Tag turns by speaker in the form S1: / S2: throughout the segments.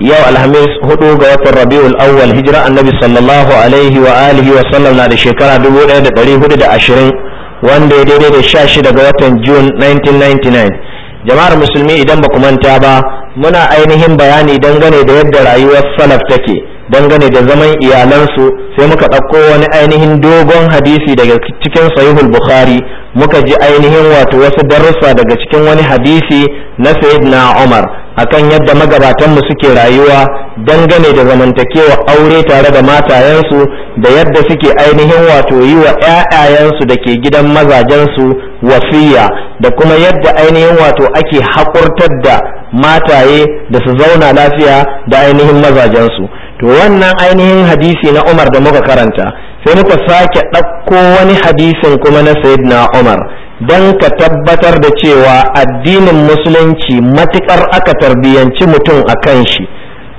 S1: yau alhamis hudu ga watan rabiul awwal hijira annabi sallallahu alaihi wa alihi wa sallam na da shekara 1420 wanda ya daidai da 16 ga watan jun 1999 jama'ar musulmi idan ba ku manta ba muna ainihin bayani dangane da yadda rayuwar salaf take dangane da zaman iyalansu sai muka ɗauko wani ainihin dogon hadisi daga cikin sahihul bukhari muka ji ainihin wato wasu darussa daga cikin wani hadisi na sayyidina umar akan yadda mu suke rayuwa dangane da zamantakewa aure tare da matayensu da yadda suke ainihin wato yi wa ƴaƴayensu da ke gidan mazajensu wasiya da kuma yadda ainihin wato ake haƙurtar da mataye da su zauna lafiya da ainihin mazajensu to wannan ainihin hadisi na umar da muka karanta sai muka sake ɗauko wani hadisin kuma na sayyidina umar don ka tabbatar da cewa addinin musulunci matuƙar aka tarbiyyanci mutum a kan shi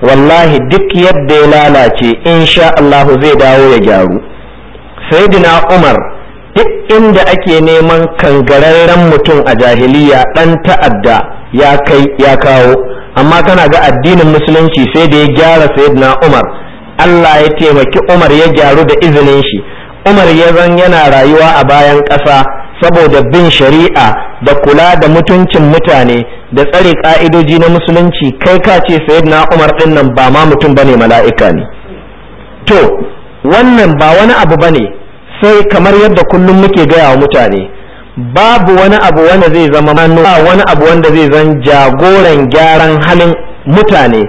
S1: wallahi duk yadda ya lalace insha Allahu zai dawo ya gyaru saidina umar duk inda ake neman kangararren mutum a jahiliya ɗan ta'adda ya kai ya kawo amma kana ga addinin musulunci sai da ya gyara saidina umar Allah ya taimaki umar ya gyaru da izinin shi umar ya zan yana rayuwa a bayan ƙasa saboda bin shari'a da kula da mutuncin mutane da tsare ka'idoji na musulunci kai ka ce sayyidina umar din nan ba ma mutum bane mala'ika ne to wannan ba wani abu bane sai kamar yadda kullum muke gaya wa mutane babu wani abu wanda zai zama manu ba wani abu wanda zai zan jagoran gyaran halin mutane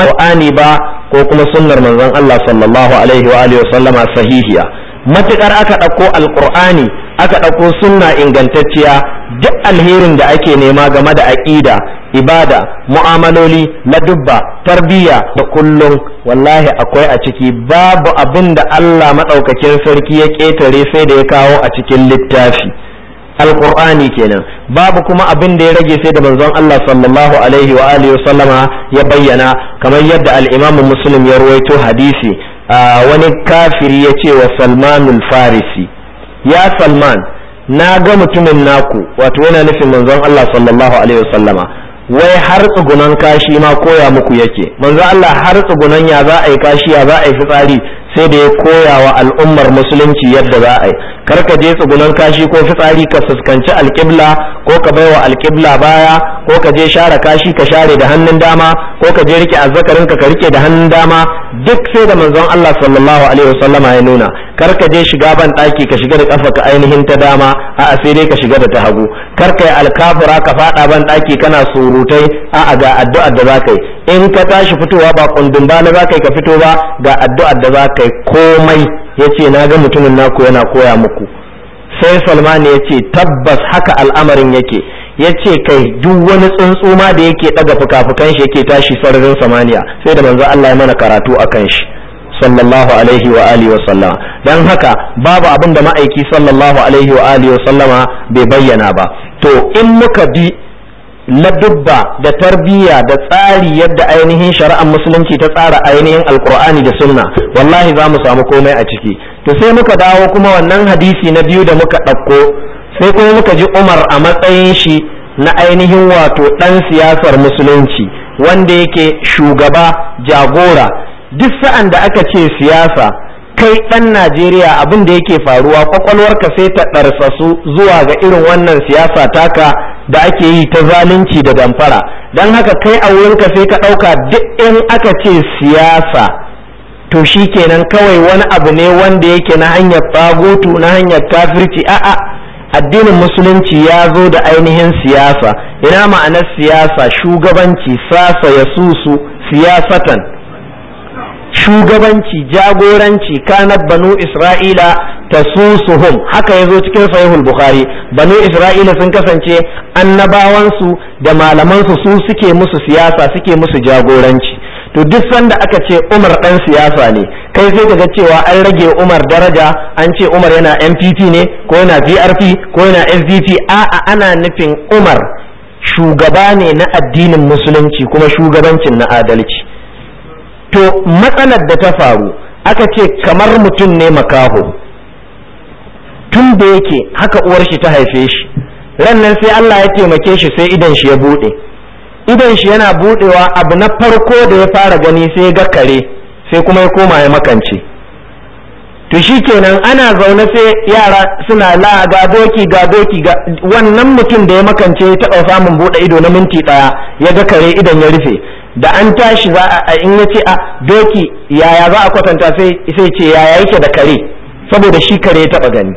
S1: ma'ani ba ko kuma sunnar manzon Allah sallallahu alaihi wa alihi wa sallama sahihiya matuƙar aka ɗauko alƙur'ani aka ɗauko sunna ingantacciya duk alherin da ake nema game da aƙida ibada mu'amaloli na dubba, tarbiyya da kullum wallahi akwai a ciki babu abin da Allah maɗaukakin sarki ya ƙetare sai da ya kawo a cikin littafi alƙur'ani kenan babu kuma abin da ya rage sai da manzon Allah sallallahu alaihi wa alihi sallama ya bayyana kamar yadda al'imamu Muslim ya ruwaito hadisi wani kafiri ya ce wa salmanul farisi ya salman na ga mutumin naku wato yana nufin manzon Allah sallallahu alaihi wasallama wai har tsugunan kashi ma koya muku yake manzon Allah har tsugunan ya za a yi kashi ya za a yi fitsari sai da ya koya wa al'ummar musulunci yadda za a yi kar ka je tsugunan kashi ko fitsari ka fuskanci alƙibla ko ka baiwa alƙibla baya ko ka je share kashi ka share da hannun dama ko ka je rike azzakarin ka ka rike da hannun dama duk sai da manzon Allah sallallahu alaihi wasallama ya nuna kar ka je shiga ban daki ka shiga da kafa ka ainihin ta dama a sai dai ka shiga da ta hagu kar yi alkafura ka faɗa ban daki kana surutai a'a ga addu'ar da za ka yi in ka tashi fitowa ba kundin ba na za ka yi ka fito ba ga addu'ar da za ka yi komai ya ce na ga mutumin naku yana koya muku sai salman ya ce tabbas haka al'amarin yake ya ce kai duk wani tsuntsu ma da yake daga fuka-fukan shi yake tashi sararin samaniya sai da manzo Allah ya mana karatu a kan shi sallallahu alaihi wa alihi wa sallama dan haka babu abin da ma'aiki sallallahu alaihi wa alihi wa sallama bai bayyana ba to in muka bi ladubba da tarbiyya da tsari yadda ainihin shari'ar musulunci ta tsara ainihin alkur'ani da sunna wallahi za mu samu komai a ciki to sai muka dawo kuma wannan hadisi na biyu da muka ɗauko sai kuma muka ji umar a matsayin shi na ainihin wato ɗan siyasar musulunci wanda yake shugaba jagora duk sa'an da aka ce siyasa kai ɗan najeriya abin da yake faruwa kwakwalwarka sai ta ɗarsasu zuwa ga irin wannan siyasa taka da ake yi ta zalunci da damfara don haka kai a wurinka sai ka ɗauka duk in aka ce siyasa to shi kenan kawai wani abu ne wanda yake na hanyar tsagotu na hanyar kafirci a'a addinin musulunci ya zo da ainihin siyasa ina ma'anar siyasa shugabanci sasa ya susu siyasatan shugabanci jagoranci kanar banu isra'ila tasusuhum haka yazo cikin sahihul bukhari banu isra'ila sun kasance annabawansu da malamansu su suke musu siyasa suke musu jagoranci to duk sanda aka ce umar dan siyasa ne kai sai kaga cewa an rage umar daraja an ce umar yana mpp ne ko yana vrp ko yana sdp a'a ana nufin umar shugaba ne na addinin musulunci kuma shugabancin na adalci to matsalar da ta faru aka ce kamar mutum ne makaho tun da yake haka uwar shi ta haife shi ran nan sai Allah ya taimake shi sai idan shi ya bude idan shi yana budewa abu na farko da ya fara gani sai ga kare sai kuma ya koma ya makance to shi kenan ana zaune sai yara suna la ga doki ga doki ga wannan mutum da ya makance ya taba samun bude ido na minti ɗaya ya ga kare idan ya rufe da an tashi za a in ya ce a doki yaya za a kwatanta sai sai ce yaya yake da kare saboda shi kare ya taba gani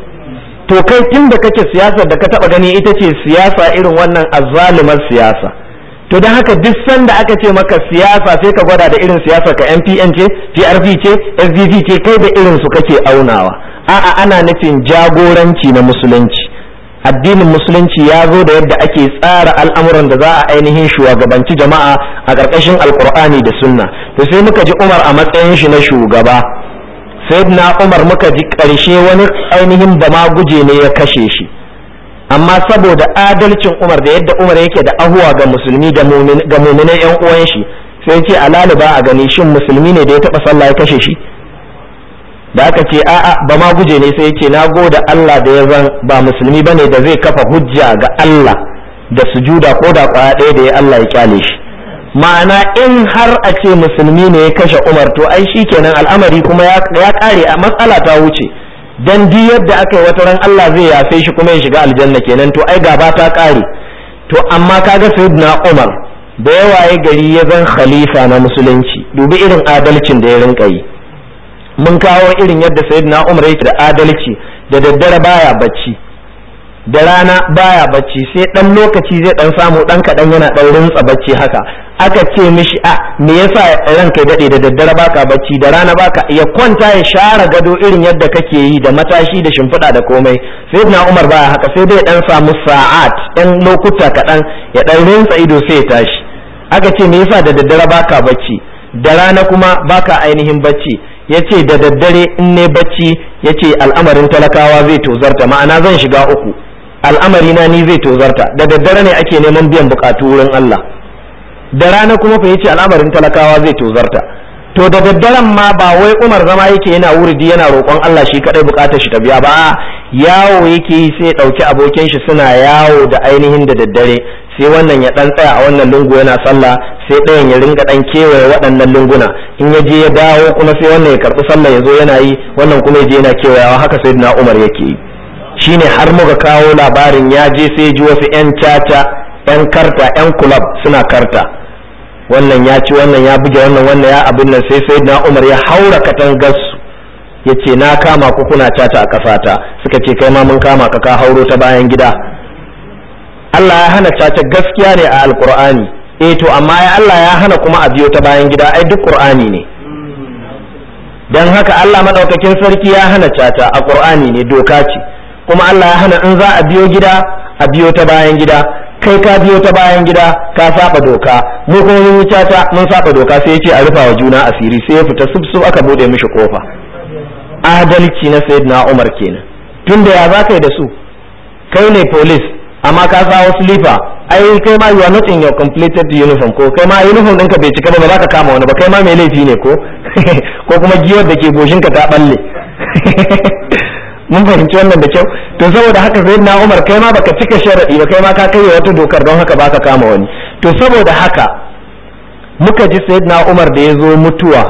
S1: to kai tun da kake siyasa da ka taba gani ita ce siyasa irin wannan azzalumar siyasa to don haka duk sanda aka ce maka siyasa sai ka gwada da irin siyasa ka MPN ce PRP ce SDV ce kai da irin su kake aunawa a'a ana nufin jagoranci na musulunci addinin musulunci ya zo da yadda ake tsara al'amuran da za a ainihin shugabanci jama'a a ƙarƙashin alkur'ani da sunna to sai muka ji umar a matsayin shi na shugaba na umar muka ji ƙarshe wani ainihin da ma guje ne ya kashe shi amma saboda adalcin umar da yadda umar yake da ahuwa ga musulmi ga muminai yan uwan shi sai ce alaliba a gani shin musulmi ne da ya taba sallah ya kashe shi da aka ce a'a ba ma guje ne sai ce na goda Allah da ya zan ba musulmi bane da zai kafa hujja ga Allah da sujuda ko da kwaya ɗaya da ya Allah ya kyale shi ma'ana in har a ce musulmi ne ya kashe umar to ai shi kenan al'amari kuma ya kare a matsala ta wuce dan di yadda aka yi wata ran Allah zai yafe shi kuma ya shiga aljanna kenan to ai gaba ta kare to amma kaga sayyidina umar da yawa ya gari ya zan khalifa na musulunci dubi irin adalcin da ya rinka yi mun kawo irin yadda sayyidina umar yake da adalci da daddare baya bacci da rana baya bacci sai dan lokaci zai dan samu dan kadan yana dan rintsa bacci haka aka ce mishi a ah, me yasa ranka ya dade da daddare baka bacci da rana baka ya kwanta ya share gado irin yadda kake yi da matashi da shimfiɗa da komai sai na Umar baya haka sai dai dan samu sa'at dan lokuta kadan ya dan rintsa ido sai ya tashi aka ce me yasa da daddare baka bacci da rana kuma baka ainihin bacci yace da daddare in ne bacci yace al'amarin talakawa zai tozarta ma'ana zan shiga uku al'amari na ni zai tozarta da daddare ne ake neman biyan bukatu wurin Allah da rana kuma fa yace al'amarin talakawa zai tozarta to da daddaren ma ba wai Umar zama yake yana wuridi yana roƙon Allah shi kadai bukatar shi ta biya ba yawo yake yi sai dauki abokin shi suna yawo da ainihin da daddare sai wannan ya dan tsaya a wannan lungu yana sallah sai ɗayan ya ringa dan kewaye waɗannan lunguna in ya je ya dawo kuma sai wannan ya karɓi sallah ya zo yana yi wannan kuma ya je yana kewayawa haka sai na Umar yake yi shine har muka kawo labarin ya je sai ji wasu 'yan caca 'yan karta 'yan kulab suna karta wannan ya ci wannan ya buge wannan wannan ya abin nan sai sai na umar ya haura katangarsu ya ce na kama ku kuna caca a kafata suka ce kai ma mun kama ka ka hauro ta bayan gida Allah ya hana caca gaskiya ne a alkur'ani eh to amma ya Allah ya hana kuma a biyo ta bayan gida ai duk qur'ani ne dan haka Allah madaukakin sarki ya hana caca a qur'ani ne doka ce kuma Allah ya hana in za a biyo gida a biyo ta bayan gida kai ka biyo ta bayan gida ka saba doka mu kuma mun yi mun saba doka sai ya ce a rufa wa juna asiri sai ya fita sufsu aka bude mishi kofa adalci na sayyidina Umar kenan tunda ya za kai da su kai ne police amma ka sawo slipa ai kai ma you are not in your completed uniform ko kai ma uniform ɗinka bai cika ba ba za ka kama wani ba kai ma mai laifi ne ko ko kuma giyar da ke goshinka ta balle mun fahimci wannan da kyau to saboda haka na Umar kai ma baka cika sharadi ba kai ma ka kai wata dokar don haka baka kama wani to saboda haka muka ji na Umar da ya zo mutuwa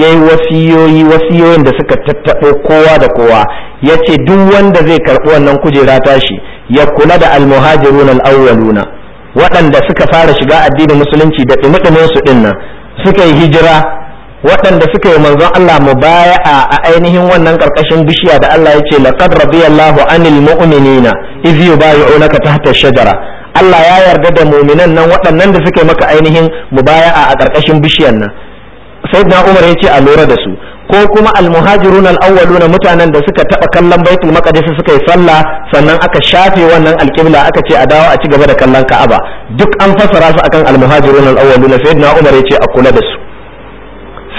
S1: yayi wasiyoyi wasiyoyin da suka tattabo kowa da kowa yace duk wanda zai karbi wannan kujera tashi ya kula da almuhajirun alawwaluna waɗanda suka fara shiga addinin musulunci da dumi su dinnan suka yi hijira waɗanda suka yi manzon Allah mubaya'a a ainihin wannan karkashin bishiya da Allah ya ce laqad radiyallahu anil mu'minina idh yubayi'unaka tahta shajara Allah ya yarda da mu'minan nan waɗannan da suka yi maka ainihin mubaya'a a karkashin bishiyar nan sayyidina Umar ya ce a lura da su ko kuma almuhajirun al mutanen da suka taba kallon baitul maqdis suka yi sallah sannan aka shafe wannan alqibla aka ce a dawo a ci gaba da kallon ka'aba duk an fasara su akan almuhajirun al'awwaluna awwaluna sayyidina Umar ya ce a kula da su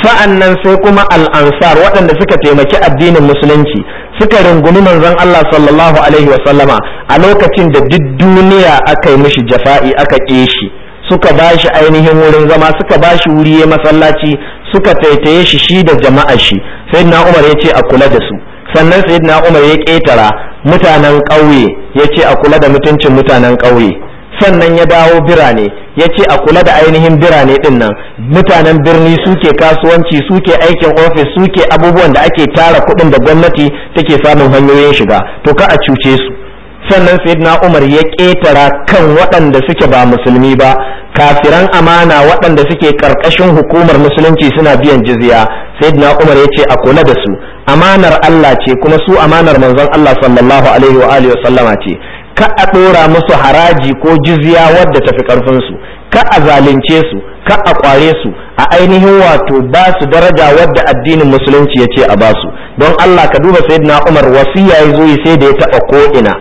S1: sa'an nan sai kuma al'ansar waɗanda suka taimaki addinin musulunci suka rungumi manzan Allah sallallahu alaihi wasallama a lokacin da duk duniya aka yi mishi jafa'i aka ƙe shi suka ba shi ainihin wurin zama suka ba shi wuri ya masallaci suka taitaye shi shi da jama'a shi na Umar ya ce a kula da su sannan na Umar ya ƙetara mutanen ƙauye ya ce a kula da mutuncin mutanen ƙauye sannan ya dawo birane ya ce a kula da ainihin birane din nan mutanen birni suke kasuwanci suke aikin ofis suke abubuwan da ake tara kuɗin da gwamnati take samun hanyoyin shiga to ka a cuce su sannan sayyidina umar ya ƙetara kan waɗanda suke ba musulmi ba kafiran amana waɗanda suke ƙarƙashin hukumar musulunci suna biyan jizya sayyidina umar ya ce a kula da su amanar Allah ce kuma su amanar manzon Allah sallallahu alaihi wa alihi ce ka a ɗora musu haraji ko jizya wadda ta fi ƙarfinsu ka a zalunce su ka a ƙware su a ainihin wato ba su daraja wadda addinin musulunci ya ce a ba su don Allah ka duba sayyidina Umar wasiya ya zo sai da ya taɓa ko ina.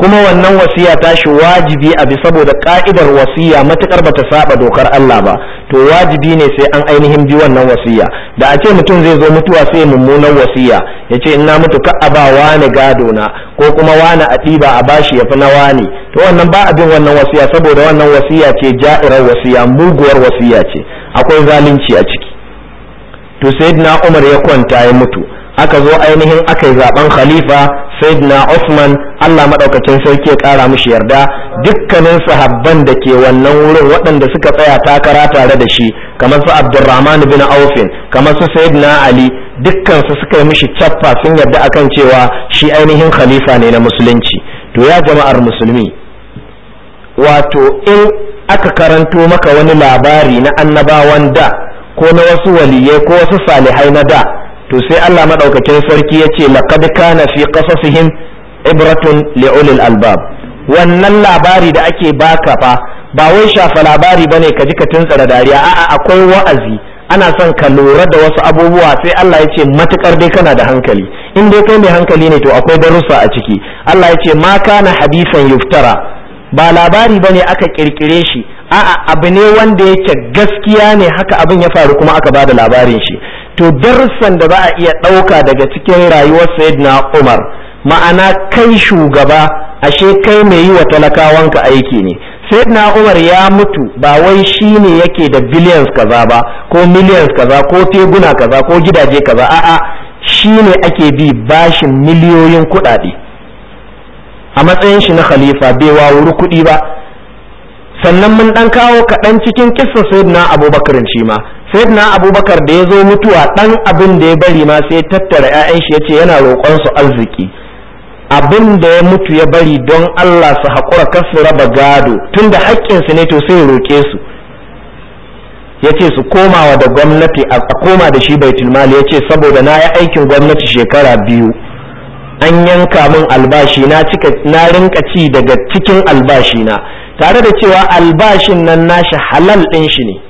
S1: kuma wannan wasiya shi wajibi a bi saboda ka'idar wasiya matukar bata saba dokar Allah ba to wajibi ne sai an ainihin bi wannan wasiya da a ce mutum zai zo mutuwa sai mummunan wasiya ya ce ina mutu ka a ba wani gado na ko kuma wani a ɗiba a bashi ya fi na wani to wannan ba a bin wannan wasiya saboda wannan wasiya ce ja'irar wasiya muguwar wasiya ce akwai zalunci a ciki to sayyidina Umar ya kwanta ya mutu aka zo ainihin aka yi zaben khalifa sayyidina usman Allah maɗaukacin sarki ya ƙara mushi yarda dukkanin sahabban da ke wannan wurin waɗanda suka tsaya takara tare da shi kamar su Abdurrahman bin Aufin kamar su sayyidina Ali dukkan su suka yi mushi cappa sun yarda akan cewa shi ainihin khalifa ne na musulunci to ya jama'ar musulmi wato in aka karanto maka wani labari na annabawan da ko na wasu waliyai ko wasu salihai na da to sai Allah madaukakin sarki yace laqad kana fi qasasihim ibratun li albab wannan labari da ake baka fa ba wai shafa labari bane ka ji ka tuntsara dariya a'a akwai wa'azi ana son ka lura da wasu abubuwa sai Allah ya ce matukar dai kana da hankali in dai kai mai hankali ne to akwai darussa a ciki Allah ya ce ma kana hadisan yuftara ba labari bane aka kirkire shi a'a abu ne wanda yake gaskiya ne haka abin ya faru kuma aka bada labarin shi to darussan da za a iya ɗauka daga cikin rayuwar sayyidina umar ma'ana kai shugaba ashe kai mai yi wa talakawanka aiki ne sayyidina umar ya mutu ba wai shi ne yake da billions kaza ba ko millions kaza ko teguna kaza ko gidaje kaza a'a shi ne ake bi bashin miliyoyin kuɗaɗe a matsayin shi na khalifa bai wawuri kuɗi ba sannan mun ɗan kawo kaɗan cikin kissa sayyidina abubakar shi ma na abubakar da ya zo mutuwa dan abin da ya bari ma sai tattara 'ya'yan shi yace yana roƙon su arziki abin da ya mutu ya bari don Allah su haƙura kar su raba gado tunda hakkin su ne to sai roƙe su ya ce su komawa da gwamnati a koma da shi baitul mali ce saboda na yi aikin gwamnati shekara biyu an yanka min albashi na cika na rinka ci daga cikin albashi na tare da cewa albashin nan nashi halal ɗin shi ne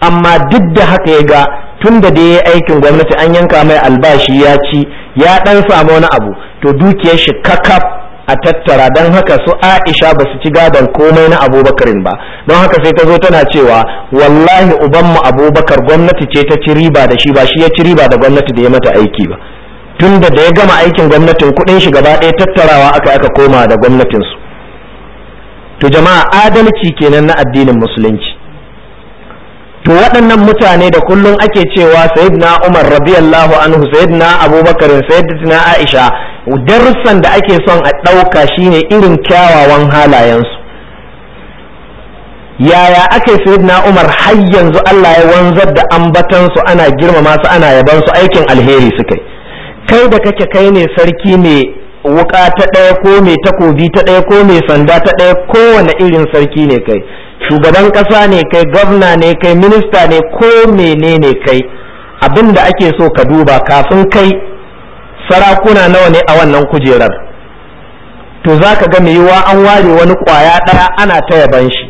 S1: amma duk da haka ya ga tun da da ya aikin gwamnati an yanka mai albashi ya ci ya dan samu wani abu to dukiyar shi kakaf a tattara don haka su aisha ba su ci gadon komai na abubakarin ba don haka sai ta zo tana cewa wallahi ubanmu abubakar gwamnati ce ta ci riba da shi ba shi ya ci riba da gwamnati da ya mata aiki ba tun da da ya gama aikin gwamnatin kudin shi gaba ɗaya tattarawa aka aka koma da gwamnatinsu to jama'a adalci kenan na addinin musulunci to waɗannan mutane da kullum ake cewa sayyidina Umar radiyallahu anhu sayyidina Abubakar sayyidina Aisha darussan da ake son a ɗauka shine irin kyawawan halayensu yaya aka yi sayyidina Umar har yanzu Allah ya wanzar da ambatansu ana girmama su ana yaban su aikin alheri suka yi kai da kake kai ne sarki mai wuka ta ɗaya ko mai takobi ta ɗaya ko mai sanda ta ɗaya kowane irin sarki ne kai shugaban kasa ne kai gwamna ne kai minista ne ko menene kai abin da ake so ka duba kafin kai sarakuna nawa ne a wannan kujerar to za ka ga yiwuwa an ware wani kwaya ɗaya ana ta yaban shi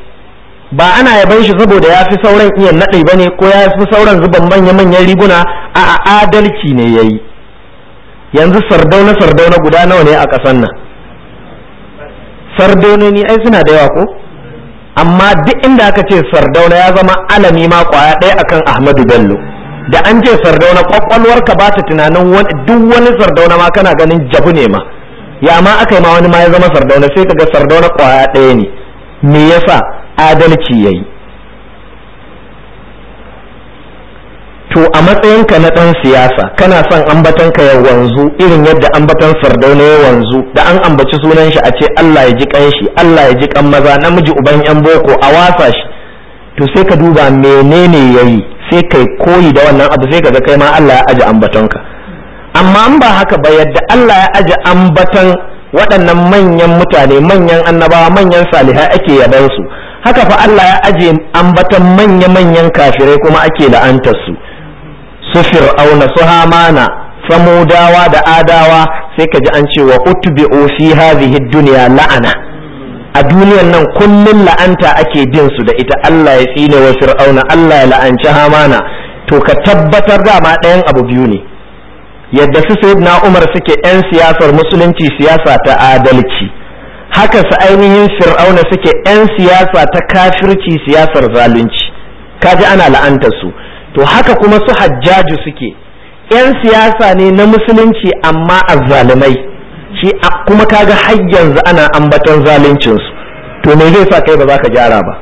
S1: ba ana yaban shi saboda ya fi sauran iya naɗe ba ne ko ya fi sauran zuban manya-manyan riguna a adalci ne ya yi yanzu sardauna sardauna guda nawa ne a ƙasan nan sardaunoni ai suna da yawa ko amma duk inda aka ce sardauna ya zama alami ma kwaya ɗaya akan ahmadu bello da an ce sardauna kwakwalwar ba ta tunanin duk wani sardauna ma kana ganin jabu ne ma ya ma aka yi ma wani ma ya zama sardauna sai kaga sardauna kwaya ɗaya ne me yasa adalci yayi to a matsayinka na ɗan siyasa kana son ambatan ka ya wanzu irin yadda ambatan sardauna ya wanzu da an ambaci sunan shi a ce Allah ya ji kanshi Allah ya ji kan maza namiji uban yan boko a wasa shi to sai ka duba menene yayi sai kai koyi da wannan abu sai ka ga kai ma Allah ya aje ambaton ka amma an ba haka ba yadda Allah ya aje ambatan waɗannan manyan mutane manyan annabawa manyan salihai ake yabansu haka fa Allah ya aje ambatan manya-manyan kafirai kuma ake la'antar su su fir'auna su hamana samudawa da adawa sai ka ji an ce wa utbi'u fi hadhihi dunya la'ana a duniyan nan kullum la'anta ake bin su da ita Allah ya tsine wa fir'auna Allah ya la'anci hamana to ka tabbatar da ma ɗayan abu biyu ne yadda su sayyidina Umar suke yan siyasar musulunci siyasa ta adalci haka su ainihin fir'auna suke yan siyasa ta kafirci siyasar zalunci kaji ana la'anta su to haka kuma su hajjaju suke yan siyasa ne na musulunci amma azzalumai shi kuma kaga har yanzu ana ambaton zaluncinsu to me zai sa kai ba za ka gyara ba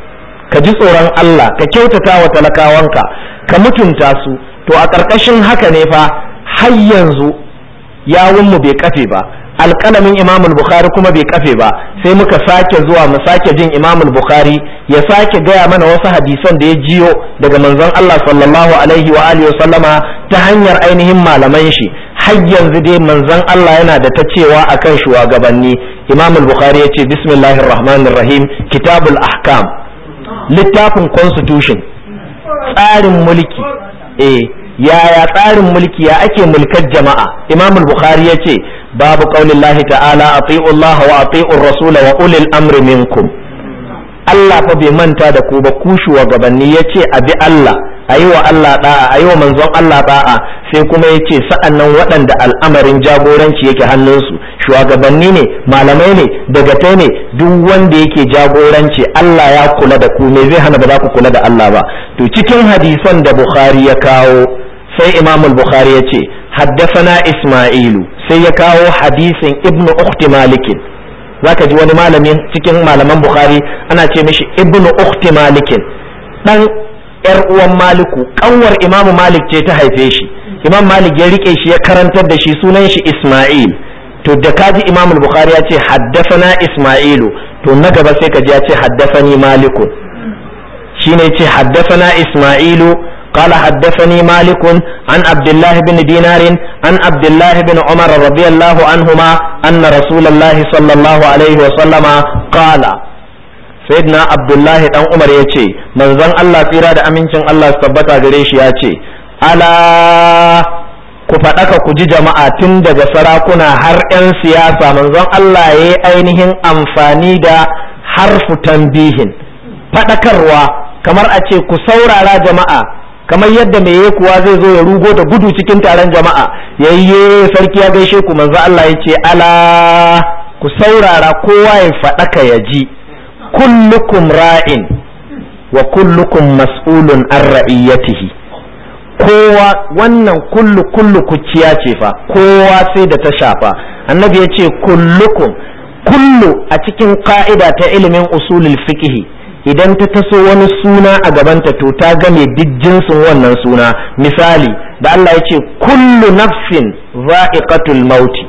S1: ka ji tsoron Allah ka kyautata wa talakawanka ka mutunta su to a ƙarƙashin haka ne fa har yanzu yawunmu bai kafe ba alƙalamin imam bukhari kuma bai kafe ba sai muka sake zuwa mu sake jin imam bukhari ya sake gaya mana wasu hadisan da ya jiyo daga manzon Allah sallallahu alaihi wa alihi sallama ta hanyar ainihin malaman shi har yanzu dai manzon Allah yana da ta cewa akan shugabanni imam bukhari ya ce bismillahir rahmanir rahim kitabul ahkam littafin constitution tsarin mulki eh yaya tsarin mulki ya ake mulkar jama'a imam al-bukhari ya ce babu qaulin lahi ta'ala ati'u Allah wa ati'u rasula wa ulil amri minkum Allah fa bai manta da ku ba ku shugabanni ya ce bi Allah ayi wa Allah a yi wa manzon Allah ɗa'a sai kuma ya ce sa'annan waɗanda al'amarin jagoranci yake hannunsu shugabanni ne malamai ne dagatai ne duk wanda yake jagoranci Allah ya kula da ku me zai hana ba za ku kula da Allah ba to cikin hadisan da Bukhari ya kawo sai imam al-bukhari ya ce haddasana isma'ilu sai ya kawo hadisin ibnu ukhti malikin zaka ji wani malami cikin malaman bukhari ana ce mishi ibnu ukhti malikin dan yar uwan maliku kanwar Imam malik ce ta haife shi imam malik ya rike shi ya karantar da shi sunan shi isma'il to da kaji imam al-bukhari ya ce haddasana isma'ilu to na gaba sai ka ji ya ce haddasani Malikun shine ce haddasana isma'ilu قال حدثني مالك عن عبد الله بن دينار عن عبد الله بن عمر رضي الله عنهما أن رسول الله صلى الله عليه وسلم قال sayyidina abdullahi dan umar ya ce manzon allah tsira da amincin allah su tabbata gare shi ya ce ala ku faɗaka ku ji jama'a tun daga sarakuna har 'yan siyasa manzon allah ya yi ainihin amfani da harfu tambihin faɗakarwa kamar a ce ku saurara jama'a kamar yadda mai yi kuwa zai zo ya rugo da gudu cikin taron jama'a ya yi sarki ya gaishe ku manzo Allah ya ce ala ku saurara kowa ya faɗaka ya ji kullukum ra'in wa kullukum mas'ulun an ra'iyatihi kowa wannan kullu kullu kuciya ce fa kowa sai da ta shafa annabi ya ce kullukum kullu a cikin ka'ida ta ilimin usulul fiqh idan ta taso wani suna a gabanta to ta game duk jinsin wannan suna misali da Allah ya ce kullu nafsin za'iqatul mauti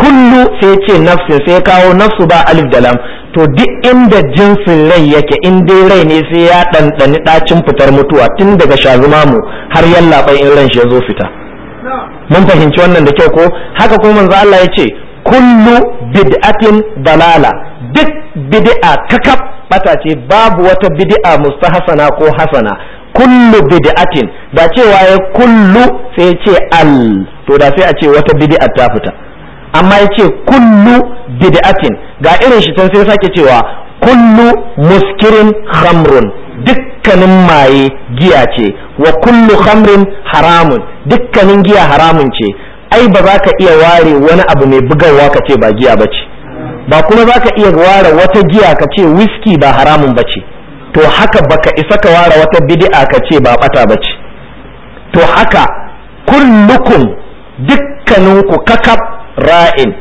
S1: kullu sai ce nafsin sai kawo nafsu ba alif da lam to duk inda jinsin rai yake in dai rai ne sai ya ɗanɗani ɗacin fitar mutuwa tun daga shazumamu har bai in ran shi ya zo fita mun fahimci wannan da kyau ko haka kuma manzo Allah ya ce kullu bid'atin dalala duk bid'a kakaf bata ce babu wata bid'a mustahsana ko hasana kullu bid'atin da cewa ya kullu sai ya ce al to da sai a ce wata bid'a ta fita amma ya ce kullu bid'atin ga irin shi sai sake cewa kullu muskirin khamrun dukkanin maye giya ce wa kullu khamrin haramun dukkanin giya haramun ce ai ba za ka iya ware wani abu mai bugarwa ka ce ba giya ba ce ba kuma za ka iya ware wata giya ka ce whisky ba haramun ba ce to haka baka isa ka ware wata bidi'a ka ce ba bata ba ce to haka kullukun dukkaninku kakab ra'in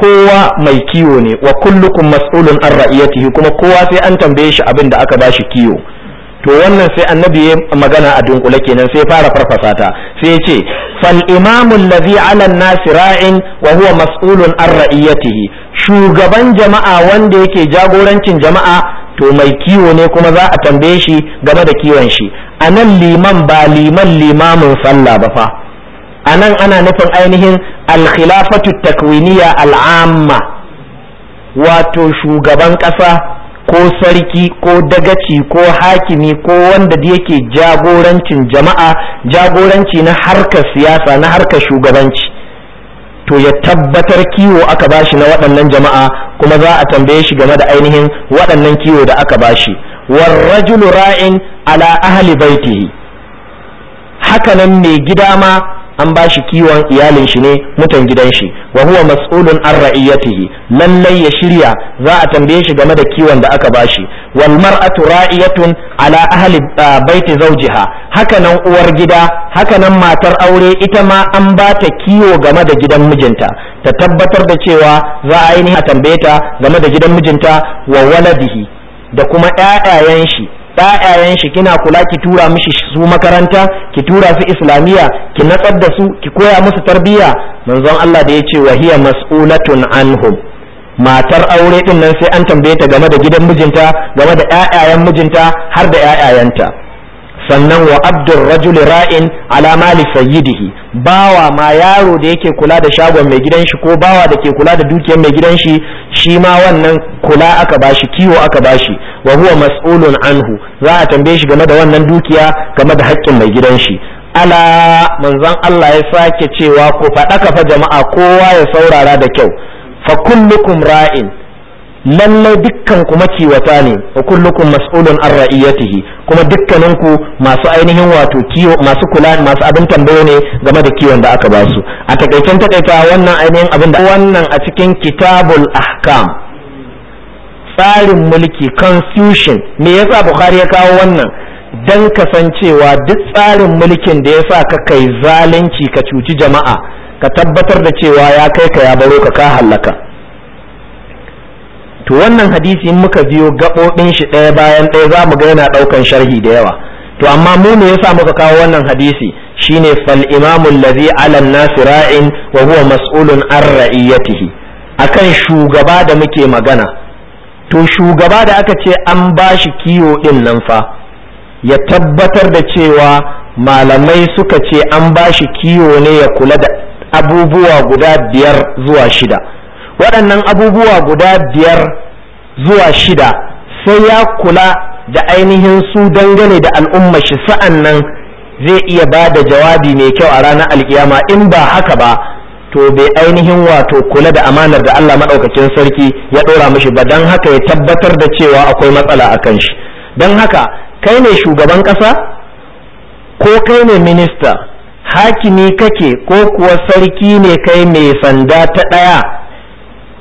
S1: kowa mai kiwo ne wa kullukun mas'ulun an ra'iyatihi kuma kowa sai an tambaye shi abin da aka shi kiwo to wannan sai annabi ya magana a dunkule kenan sai fara farfasa ta sai ya ce fal imamu allazi ala nasi ra'in wa huwa mas'ulun an ra'iyatihi shugaban jama'a wanda yake jagorancin jama'a to mai kiwo ne kuma za a tambaye shi game da kiwon shi anan nan liman ba liman limamin sallah ba fa a ana nufin ainihin alkhilafatu takwiniya al'amma wato shugaban kasa. ko sarki ko dagaci ko hakimi ko wanda da yake jagorancin jama'a jagoranci na harkar siyasa na harkar shugabanci to ya tabbatar kiwo aka bashi na waɗannan jama'a kuma za a tambaye shi game da ainihin waɗannan kiwo da aka bashi warrajulu ra'in ala ahli baitihi hakanan mai gida ma an ba shi kiwon iyalin shi ne mutan gidan shi wa huwa mas'ulun an ra'iyatihi lallai ya shirya za a tambaye shi game da kiwon da aka bashi wal mar'atu ra'iyatun ala ahli baiti zawjiha haka nan uwar gida haka nan matar aure ita ma an ba ta kiwo game da gidan mijinta ta tabbatar da cewa za a yi a tambaye ta game da gidan mijinta wa waladihi da kuma ƴaƴayen shi ɗayayen shi kina kula ki tura mishi su makaranta ki tura su islamiyya ki natsar da su ki koya musu tarbiyya manzon Allah da ya ce wa hiya mas'ulatun anhum matar aure din nan sai an tambaye ta game da gidan mijinta game da ƴaƴayen mijinta har da ƴaƴayenta sannan wa Abdul rajul ra'in ala mali sayyidihi bawa ma yaro da yake kula da shagon mai gidan shi ko bawa da ke kula da dukiyar mai gidan shi shi ma wannan kula aka bashi kiwo aka bashi wa huwa mas'ulun anhu za a tambaye shi game da wannan dukiya game da haƙƙin mai gidan shi ala manzon Allah ya sake cewa ku faɗa fa jama'a kowa ya saurara da kyau fa kullukum ra'in lallai dukkan ku makiwata ne wa kullukum mas'ulun an ra'iyatihi kuma dukkanin ku masu ainihin wato kiwo masu kula masu abin tambayo ne game da kiwon da aka basu a takaicen takaita wannan ainihin abin da wannan a cikin kitabul ahkam tsarin mulki confusion me yasa bukhari ya kawo wannan dan kasancewa duk tsarin mulkin da yasa ka kai zalunci ka cuci jama'a ka tabbatar da cewa ya kai ka ya baro ka ka hallaka to wannan hadisi in muka biyo gaɓoɓin shi ɗaya bayan ɗaya za mu ga yana ɗaukan sharhi da yawa to amma mu me yasa muka kawo wannan hadisi shine fal imamu ladhi ala an-nas ra'in wa huwa mas'ulun an ra'iyatihi akan shugaba da muke magana to shugaba da aka ce an bashi kiwo din nan fa ya tabbatar da cewa malamai suka ce an bashi kiwo ne ya kula da abubuwa guda biyar zuwa shida waɗannan abubuwa guda biyar zuwa shida sai ya kula da ainihin su dangane da al'umma shi sa'an nan zai iya ba da jawabi mai kyau a ranar alkiyama in ba haka ba to bai ainihin wato kula da amanar da Allah maɗaukacin sarki ya ɗora mishi ba don haka ya tabbatar da cewa akwai matsala a kan shi don haka kai ne shugaban ƙasa ko kai ne minista hakimi kake ko kuwa sarki ne kai mai sanda ta ɗaya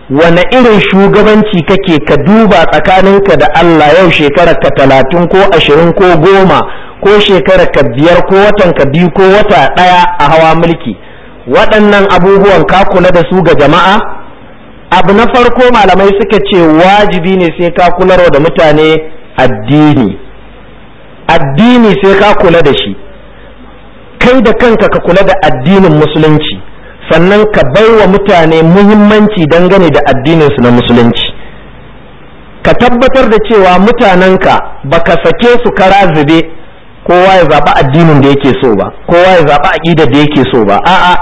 S1: wane irin shugabanci kake ka duba tsakaninka da Allah yau shekarar ka talatin ko ashirin ko goma ko shekarar ka biyar ko watan ka biyu ko wata ɗaya a hawa mulki waɗannan abubuwan ka kula da su ga jama'a abu na farko malamai suka ce wajibi ne sai ka kularwa da mutane addini addini sai ka kula da shi kai da kanka ka kula da addinin musulunci sannan ka bai wa mutane muhimmanci dangane da addininsu na musulunci ka tabbatar da cewa mutanenka ba ka sake su kara zube kowa ya zaɓi addinin da yake so ba kowa ya zaɓi aƙidar da yake so ba a'a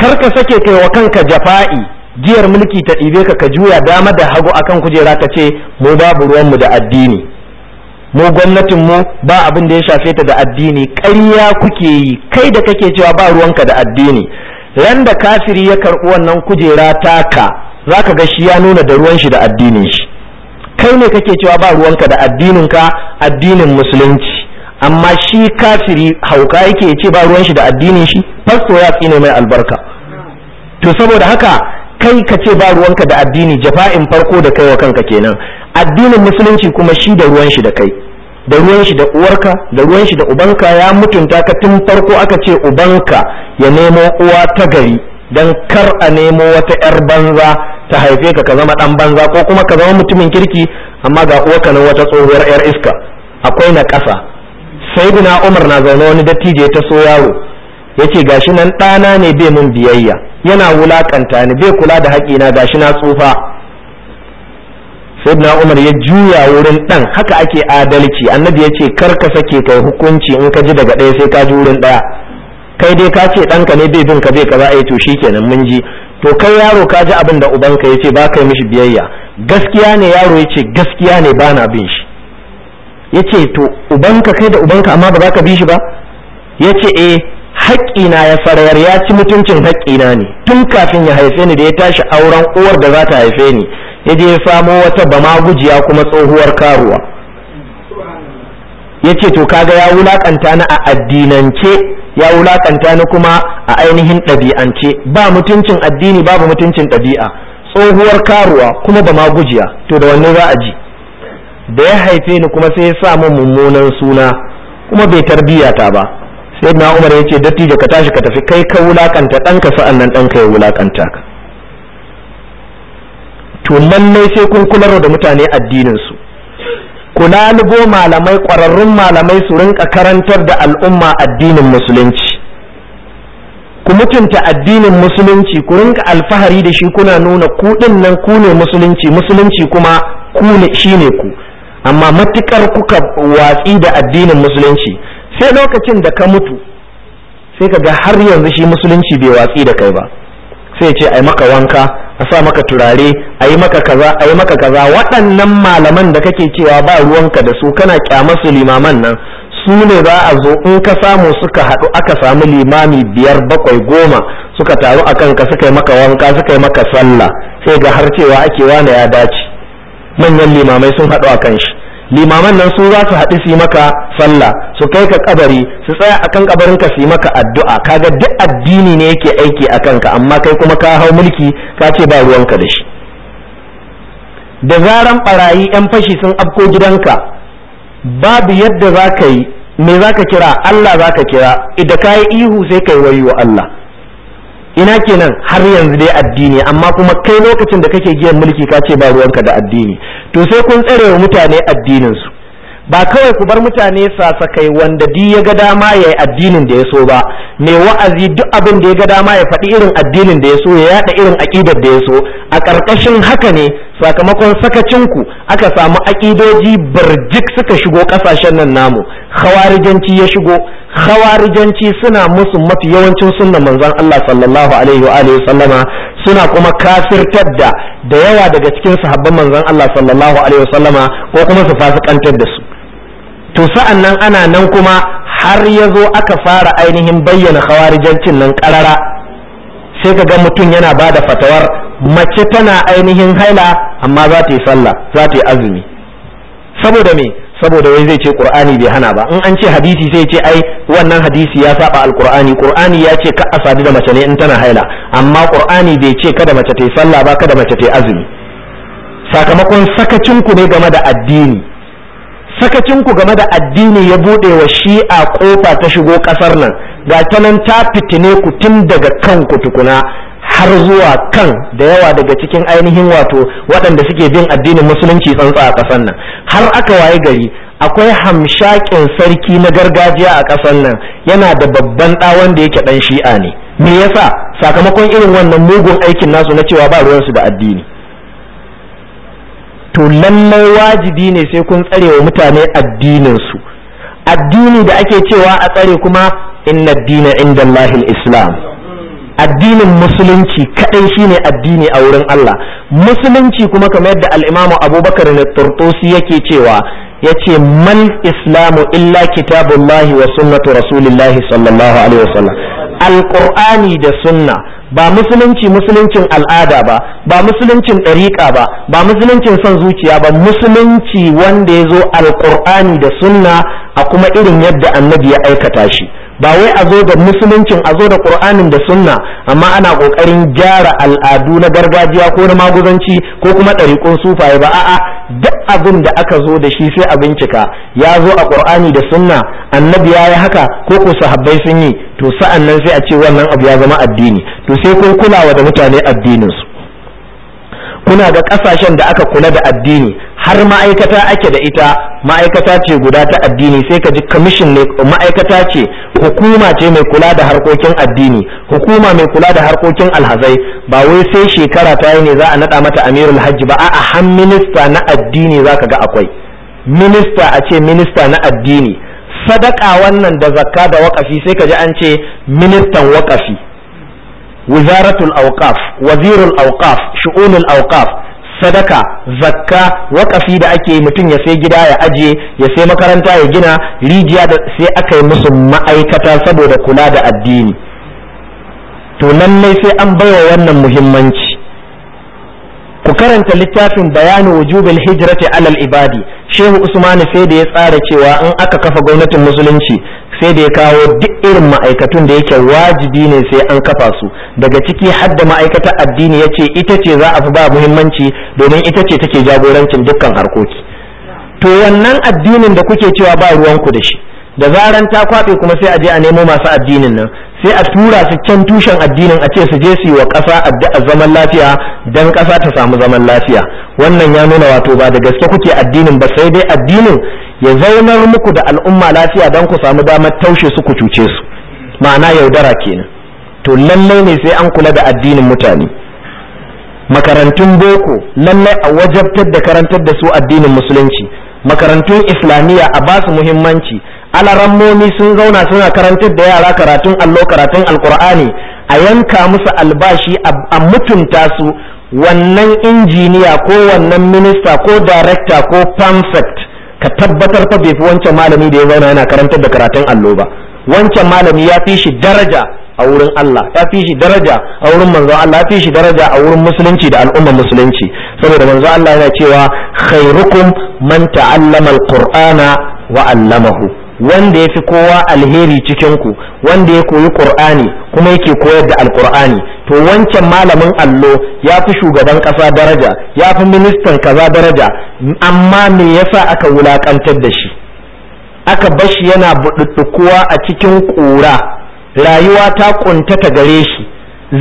S1: kar ka sake kai wa kanka jafa'i giyar mulki ta ɗibe ka ka juya dama da hagu akan kujera ka ce mu babu ruwanmu da addini mu gwamnatin mu ba abin da ya shafe ta da addini ƙarya kuke yi kai da kake cewa ba ruwanka da addini ran kafiri ya karɓi wannan kujera taka zaka ga shi ya nuna da ruwan shi da addinin shi kai ne kake cewa ba ruwanka da addinin ka addinin musulunci amma shi kafiri hauka yake ce ba ruwan shi da addinin shi fasto ya tsine mai albarka to saboda haka kai ka ce ba ruwanka da addini jafa'in farko da kai wa kanka kenan addinin musulunci kuma shi da ruwan shi da kai da ruwan shi da uwarka da ruwan shi da ubanka ya mutunta ka tun farko aka ce ubanka ya nemo uwa ta gari dan kar a nemo wata yar banza ta haife ka ka zama dan banza ko kuma ka zama mutumin kirki amma ga uwarka nan wata tsohuwar yar iska akwai na ƙasa sayyidina umar na zaune wani dattijo ta so yaro yace gashi nan ɗana ne bai mun biyayya yana wulakanta ni bai kula da haƙina gashi na tsufa sayyidina umar ya juya wurin dan haka ake adalci annabi ya ce kar ka sake kai hukunci in ka ji daga ɗaya sai ka ji wurin ɗaya kai dai ka ce ɗanka ne bai bin ka bai kaza ai eh to shikenan mun ji to kai yaro ka ji abin da ubanka ya ce ba ka yi mishi biyayya gaskiya ne yaro ya ce gaskiya ne ba na bin shi ya ce to ubanka kai da ubanka amma ba za ka bi shi ba ya ce eh haƙƙina ya farar ya ci mutuncin haƙƙina ne tun kafin ya haife ni da ya tashi auren uwar da za ta haife ni ya je ya samo wata bama gujiya kuma tsohuwar karuwa ya ce to kaga ya wulaƙanta ni a addinance ya wulaƙanta ni kuma a ainihin ɗabi'ance ba mutuncin addini babu mutuncin ɗabi'a tsohuwar karuwa kuma ma gujiya to da wanne za a ji da ya haife ni kuma sai ya sa min mummunan suna kuma bai tarbiyata ba sai na umar ya ce dattijo ka tashi ka tafi kai ka wulakanta ɗanka sa'an nan ɗanka ya wulakanta ka to lallai sai kun kularwa da mutane addininsu ku lalubo malamai ƙwararrun malamai su rinka karantar da al'umma addinin musulunci ku mutunta addinin musulunci ku rinka alfahari da shi kuna nuna kuɗin nan ku ne musulunci musulunci kuma ku ne shine ku amma matukar kuka watsi da addinin musulunci sai lokacin da ka mutu sai ka ga har yanzu shi musulunci bai watsi da kai ba sai ce ai maka wanka a sa maka turare a yi maka kaza a maka kaza waɗannan malaman da kake cewa ba ruwanka da su kana kyamar su limaman nan su ne za a zo in ka samu suka haɗu aka samu limami biyar bakwai goma suka taru a kanka suka yi maka wanka suka yi maka sallah sai ga har cewa ake wane ya dace manyan limamai sun haɗu a kan shi limaman nan su za su haɗu su yi maka sallah su kai ka kabari su tsaya akan kabarin ka su yi maka addu'a kaga duk addini ne yake aiki a kanka amma kai kuma ka hau mulki ka ce ba ruwanka da shi da zaran barayi yan fashi sun afko gidanka babu yadda za ka yi me za ka kira Allah za ka kira idan ka yi ihu sai ka yi wayo Allah ina kenan har yanzu dai addini amma kuma kai lokacin da kake giyan mulki ka ce ba ruwanka da addini to sai kun tsare wa mutane addinin su ba kawai ku bar mutane sasakai wanda di ya ga dama ya yi addinin da ya so ba mai wa'azi duk abin da ya ga dama ya faɗi irin addinin da ya so ya yaɗa irin aƙidar da ya so a ƙarƙashin haka ne sakamakon sakacinku aka samu aƙidoji birjik suka shigo ƙasashen nan namu khawarijanci ya shigo khawarijanci suna musu mafi yawancin sunnan manzon Allah sallallahu alaihi wa alihi sallama suna kuma kafirtar da da yawa daga cikin sahabban manzon Allah sallallahu alaihi wa sallama ko kuma su fasikantar da su to sa'annan ana nan kuma har ya zo aka fara ainihin bayyana khawarijancin nan ƙarara sai ka ga mutum yana bada fatawar mace tana ainihin haila amma za ta yi sallah za ta yi azumi saboda me saboda wai zai ce qur'ani bai hana ba in an ce hadisi sai ce ai wannan hadisi ya saba alqur'ani qur'ani ya ce ka a da mace ne in tana haila amma qur'ani bai ce kada mace ta yi sallah ba kada mace ta yi azumi sakamakon sakacin ku ne game da addini sakacin ku game da addini ya bude wa shi'a kofa ta shigo kasar nan ga ta nan ta fitine ku tun daga kanku tukuna har zuwa kan da yawa daga cikin ainihin wato waɗanda suke bin addinin musulunci tsantsa a ƙasar nan har aka waye gari akwai hamshakin sarki na gargajiya a ƙasar nan yana da babban ɗa wanda yake ɗan shi'a ne me yasa sakamakon irin wannan mugun aikin nasu na cewa ba ruwansu da addini to lallai wajibi ne sai kun tsare wa mutane addininsu addini da ake cewa a tsare kuma inna dina inda Allahil Islam addinin musulunci kaɗai shine addini a wurin Allah musulunci kuma kamar yadda al-imamu abubakar na turtusi yake cewa yace mal islamu illa kitabullahi wa sunnatu rasulillahi sallallahu alaihi wasallam alqur'ani da sunna ba musulunci musuluncin al'ada ba ba musuluncin ɗariƙa ba ba musuluncin son zuciya ba musulunci wanda ya zo alƙur'ani da sunna a kuma irin yadda annabi ya aikata shi ba wai a zo da musuluncin a zo da qur'anin da sunna amma ana kokarin gyara al'adu na gargajiya ko na maguzanci ko kuma ɗariƙun sufaye ba a'a duk abin da aka zo da shi sai a bincika ya zo a qur'ani da sunna annabi ya yi haka ko ko sahabbai sun yi to sa'an nan sai a ce wannan abu ya zama addini to sai kun kulawa da mutane addininsu. kuna ga kasashen da aka kula da addini har ma'aikata ake da ita ma'aikata ce guda ta addini sai ka ji kamishin ne ma'aikata ce hukuma ce mai kula da harkokin addini hukuma mai kula da harkokin alhazai ba wai sai shekara ta yi ne za a naɗa mata amirul hajji ba a'a han minista na addini za ka ga akwai minista a ce minista na addini sadaka wannan da zakka da wakafi sai ka ji an ce ministan wakafi wizaratul awqaf wazirul awqaf shu'unul awqaf sadaka zakka wakafi da ake mutum ya sai gida ya ajiye ya sai makaranta ya gina rijiya da sai aka yi musu ma'aikata saboda kula da addini to sai an baiwa wannan muhimmanci ku karanta littafin bayanin wujubil hijrati alal ibadi shehu usman sai da ya tsara cewa in aka kafa gwamnatin musulunci sai da ya kawo duk irin ma'aikatun da yake wajibi ne sai an kafa su daga ciki har da ma'aikatar addini ya ce ita ce za a fi ba muhimmanci domin ita ce take jagorancin dukkan harkoki to wannan addinin da kuke cewa ba ruwanku da shi da zaran ta kwaɓe kuma sai a je a nemo masu addinin nan sai a tura su can tushen addinin a ce su je su yi wa ƙasa addu'a zaman lafiya dan ƙasa ta samu zaman lafiya wannan ya nuna wato ba da gaske kuke addinin ba sai dai addinin ya zaunar muku da al'umma lafiya dan ku samu damar taushe su ku cuce su ma'ana yaudara kenan to lallai ne sai an kula da addinin mutane makarantun boko lallai a wajabtar da karantar da su addinin musulunci makarantun islamiyya a basu muhimmanci alarammomi sun zauna suna karantar da yara karatun allo karatun alkur'ani a yanka musu albashi a mutunta su wannan injiniya ko wannan minista ko darekta ko pamfect ka tabbatar fa bai fi wancan malami da ya zauna yana karantar da karatun allo ba wancan malami ya fi shi daraja a wurin Allah ya fi shi daraja a wurin manzo Allah ya fi shi daraja a wurin musulunci da al'ummar musulunci saboda manzo Allah yana cewa khairukum man ta'allama alqur'ana wa'allamahu wanda ya fi kowa alheri cikinku wanda ya koyi ƙur'ani kuma yake koyar da alƙur'ani to wancan malamin allo ya fi shugaban ƙasa daraja ya fi ministan kaza daraja amma me yasa aka wulaƙantar da shi aka bashi yana buɗuɗɗukuwa a cikin ƙura rayuwa ta ƙuntata gare shi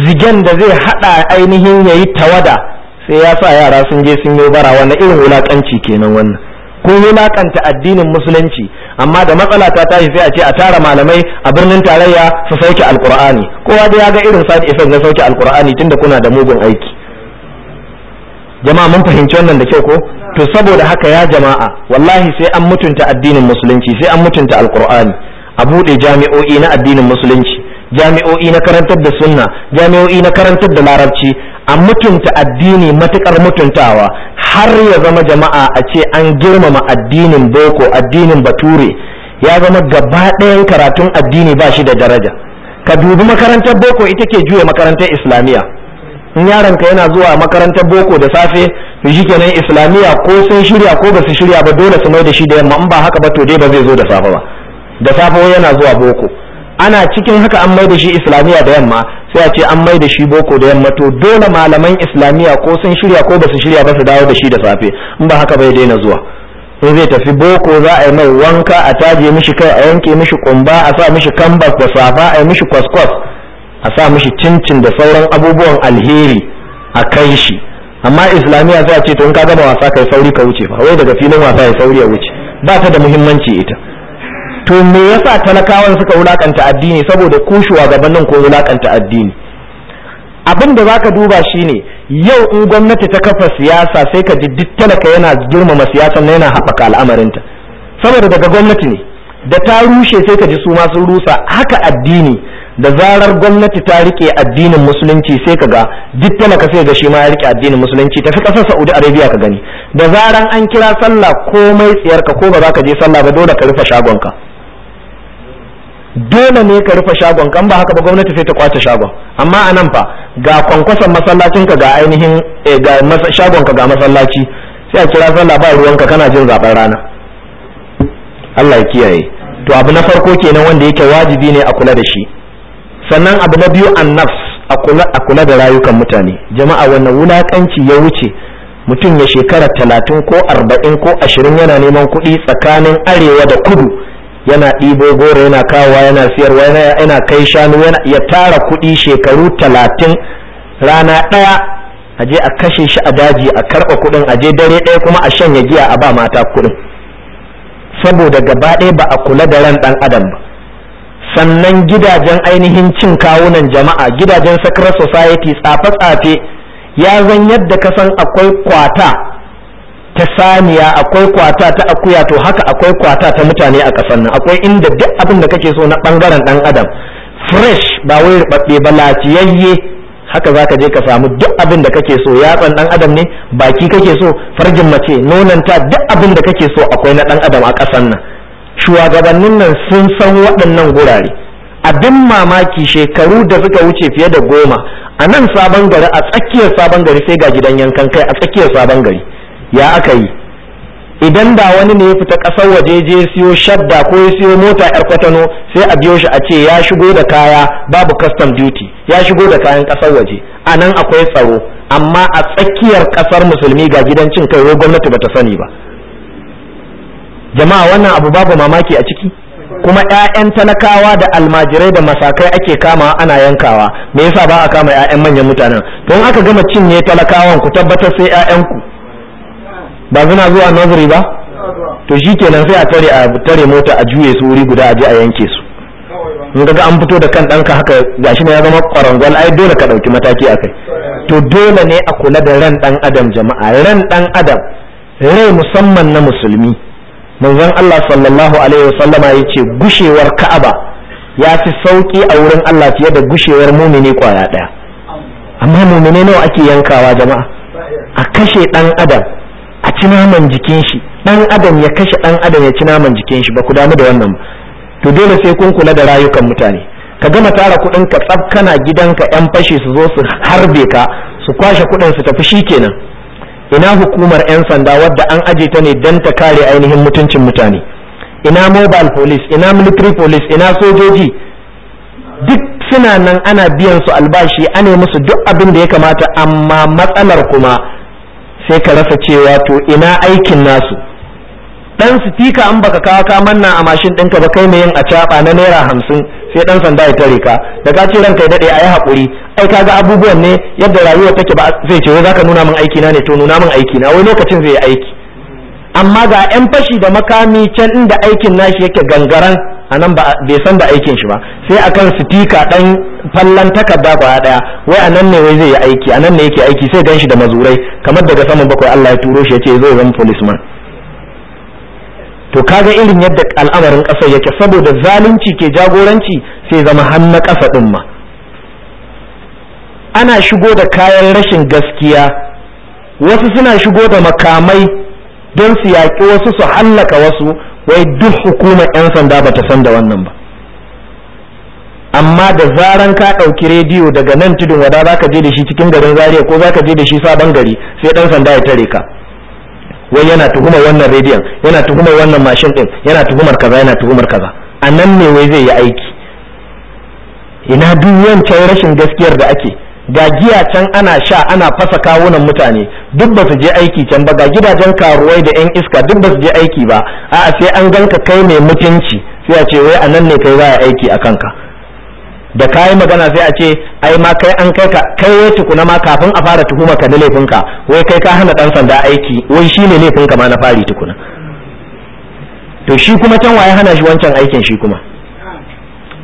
S1: zigen da zai haɗa ainihin yayi tawada sai ya sa yara sun je sun yi bara wannan irin wulaƙanci kenan wannan ko wulakanta addinin musulunci amma da matsala ta tashi sai a ce a tara malamai a birnin tarayya su sauke alkur'ani kowa da ya ga irin side effect na sauke alkur'ani tunda kuna da mugun aiki jama'a mun fahimci wannan da kyau ko to saboda haka ya jama'a wallahi sai an mutunta addinin musulunci sai an mutunta alkur'ani a bude jami'o'i na addinin musulunci jami'o'i na karantar da sunna jami'o'i na karantar da larabci a mutunta addini matukar mutuntawa har ya zama jama'a a ce an girmama addinin boko addinin bature ya zama gaba ɗayan karatun addini ba shi da daraja ka dubi makarantar boko ita ke juya makarantar islamiyya in yaron ka yana zuwa makarantar boko da safe shi kenan islamiyya ko sun shirya ko ba su shirya ba dole su mai da shi da yamma in ba haka ba to dai ba zai zo da safe ba da safe yana zuwa boko ana cikin haka an mai da shi islamiyya da yamma sai a ce an mai da shi boko da yamma to dole malaman islamiyya ko sun shirya ko ba su shirya ba su dawo da shi da safe in ba haka bai daina zuwa in zai tafi boko za a yi mai wanka a taje mishi kai a yanke mishi kumba a sa mishi kambas da safa a yi mishi kwaskwas a sa mishi cincin da sauran abubuwan alheri a kai shi amma islamiyya za a ce to in ka gama wasa kai sauri ka wuce fa wai daga filin wasa ya sauri ya wuce ba ta da muhimmanci ita to me yasa talakawan suka wulakanta addini saboda ku shugabannin ko wulakanta addini abin da zaka duba shine yau in gwamnati ta kafa siyasa sai ka ji duk talaka yana girmama siyasar na yana haɓaka al'amarinta saboda daga gwamnati ne da ta rushe sai ka ji su ma sun rusa haka addini da zarar gwamnati ta rike addinin musulunci sai ka ga duk talaka sai ga shi ma ya rike addinin musulunci tafi kasar Saudi Arabia ka gani da zarar an kira sallah komai tsiyarka ko ba za ka je sallah ba dole ka rufe shagonka dole ne ka rufe shagon kan ba haka ba gwamnati sai ta kwace shagon amma a nan fa ga kwankwason masallacin ka ga ainihin eh, ga shagon ka ga masallaci sai a kira sallah ba ruwanka kana jin zaben rana Allah ya kiyaye to abu na farko kenan wanda yake wajibi ne a kula da shi sannan abu na biyu an nafs a kula da rayukan mutane jama'a wannan wulakanci ya wuce mutum ya shekara talatin ko arba'in ko ashirin yana neman kuɗi tsakanin arewa da kudu yana ɗibo goro yana kawowa yana siyarwa yana kai shanu yana ya tara kuɗi shekaru talatin rana ɗaya a je a kashe shi a daji a karɓa kuɗin a je dare ɗaya kuma a shanya giya a ba mata kuɗin saboda gaba ɗaya ba a kula da ran ɗan adam ba sannan gidajen ainihin cin kawunan jama'a gidajen secret society tsafe-tsafe ya zan yadda ka san akwai kwata ta saniya akwai kwata ta akuya to haka akwai kwata ta mutane a ƙasar nan akwai inda duk abin da kake so na ɓangaren ɗan adam fresh ba wai rubabbe ba lafiyayye haka za ka je ka samu duk abin da kake so yatsan ɗan adam ne baki kake so farjin mace ta duk abin da kake so akwai na ɗan adam a ƙasar nan shugabannin nan sun san waɗannan gurare abin mamaki shekaru da suka wuce fiye da goma a nan sabon gari a tsakiyar sabon gari sai ga gidan yankan kai a tsakiyar sabon gari ya aka yi idan da wani ne ya fita ƙasar waje je siyo shadda ko ya siyo mota yar kwatano sai a biyo shi a ce ya shigo da kaya babu custom duty ya shigo da kayan kasar waje a nan akwai tsaro amma a tsakiyar ƙasar musulmi ga gidan cin kai wai gwamnati bata sani ba jama'a wannan abu babu mamaki a ciki kuma 'ya'yan talakawa da almajirai da masakai ake kama ana yankawa me yasa ba a kama 'ya'yan manyan mutanen don aka gama cinye talakawan ku tabbatar sai 'ya'yanku ba suna zuwa nursery ba to shi shikenan sai a tare a tare mota a juye su wuri guda a je a yanke su in ga an fito da kan ɗanka haka gashi ne ya zama kwarangwal ai dole ka ɗauki mataki a kai to dole ne a kula da ran ɗan adam jama'a ran ɗan adam rai musamman na musulmi manzon Allah sallallahu alaihi wasallama ya ce gushewar ka'aba ya fi sauki a wurin Allah fiye da gushewar mumini kwaya daya amma mumini nawa ake yankawa jama'a a kashe ɗan adam ci jikin shi dan adam ya kashe dan adam ya ci naman jikin shi ba ku damu da wannan to dole sai kun kula da rayukan mutane ka gama tara kuɗin ka tsaf kana gidanka yan fashi su zo su harbe ka su kwashe kuɗin su tafi shikenan ina hukumar yan sanda wadda an aje ta ne dan ta kare ainihin mutuncin mutane ina mobile police ina military police ina sojoji duk suna nan ana biyan su albashi ana musu duk abin da ya kamata amma matsalar kuma sai ka rasa cewa to ina aikin nasu dan sitika an baka kawo ka manna a mashin ɗinka ba kai mai yin a caɓa na naira hamsin sai dan sanda ya tare ka da ka ce ranka ya daɗe a yi haƙuri ai ka ga abubuwan ne yadda rayuwar take ba zai ce wai zaka nuna min aiki na ne to nuna min aiki na wai lokacin zai yi aiki amma ga 'yan fashi da makami can inda aikin nashi yake gangaran nan ba bai san da aikin shi ba sai akan sitika dan fallan takarda kwaya daya wai a nan ne wai zai yi aiki a nan ne yake aiki sai gan ganshi da mazurai kamar daga saman bakwai Allah ya turo shi yace zai zama policeman to kaga irin yadda al'amarin kasar yake saboda zalunci ke jagoranci sai zama har na kasa din ma ana shigo da kayan rashin gaskiya wasu suna shigo da makamai don su yaƙi wasu su hallaka wasu wai duk hukumar 'yan sanda ba ta san da wannan ba amma da zaran ka ɗauki rediyo daga nan tudun wada za ka je da shi cikin garin zaria ko za ka je da shi sabon gari sai ɗan sanda ya tare ka wai yana tuhumar wannan rediyon yana tuhumar wannan mashin ɗin yana tuhumar kaza yana tuhumar kaza a nan ne wai zai yi aiki ina duk wancan rashin gaskiyar da ake ga giya can ana sha ana fasa kawunan mutane duk ba su je aiki can ba ga gidajen karuwai da 'yan iska duk ba su je aiki ba a'a sai an ganka kai mai mutunci sai a ce wai a nan ne kai za aiki a kanka da ka yi magana sai a ce ai ma kai an kai ka kai wai tukuna ma kafin a fara tuhuma ka da laifinka wai kai ka hana dan sanda aiki wai shi ne laifinka ma na fari tukuna to shi kuma can waye hana shi wancan aikin shi kuma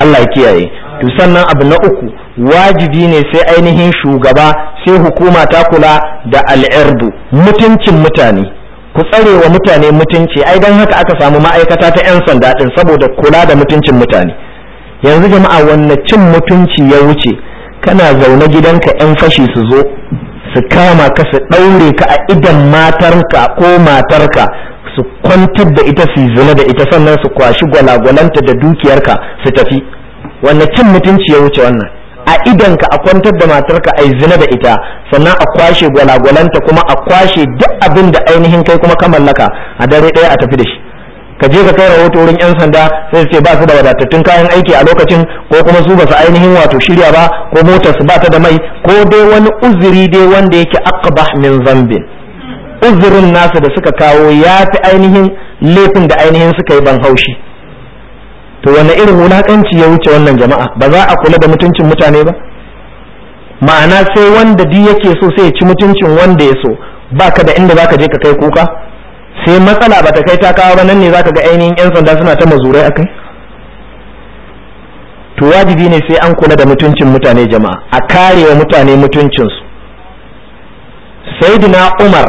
S1: Allah ya kiyaye to sannan abu na uku wajibi ne sai ainihin shugaba sai hukuma ta kula da al'irdu mutuncin mutane ku tsare wa mutane mutunci ai don haka aka samu ma'aikata ta 'yan sanda din saboda kula da mutuncin mutane yanzu jama'a wanne cin mutunci ya wuce kana zaune gidanka 'yan fashi su zo su kama ka su ɗaure ka a idan matarka ko matarka su kwantar da ita su zina da ita sannan su kwashi gwalagwalanta da dukiyarka su tafi wanne cin mutunci ya wuce wannan a idanka a kwantar da matarka a zina da ita sannan a kwashe gwalagwalanta kuma a kwashe duk abin da ainihin kai kuma ka mallaka a dare ɗaya a tafi da shi ka je ka kai rahoto wurin yan sanda sai su ce ba su da wadatattun kayan aiki a lokacin ko kuma su ba su ainihin wato shirya ba ko motar su ba ta da mai ko dai wani uzuri dai wanda yake aqbah min zambin uzurin nasu da suka kawo ya fi ainihin laifin da ainihin suka yi ban haushi to wani irin wulakanci ya wuce wannan jama'a ba za a kula da mutuncin mutane ba ma'ana sai wanda di yake so sai ya ci mutuncin wanda ya so baka da inda zaka je ka kai kuka sai matsala ba ta kai ta kawo ba nan ne zaka ga ainihin yan sanda suna ta mazurai a kai? to wajibi ne sai an kula da mutuncin mutane jama'a a wa mutane mutuncinsu Saidina umar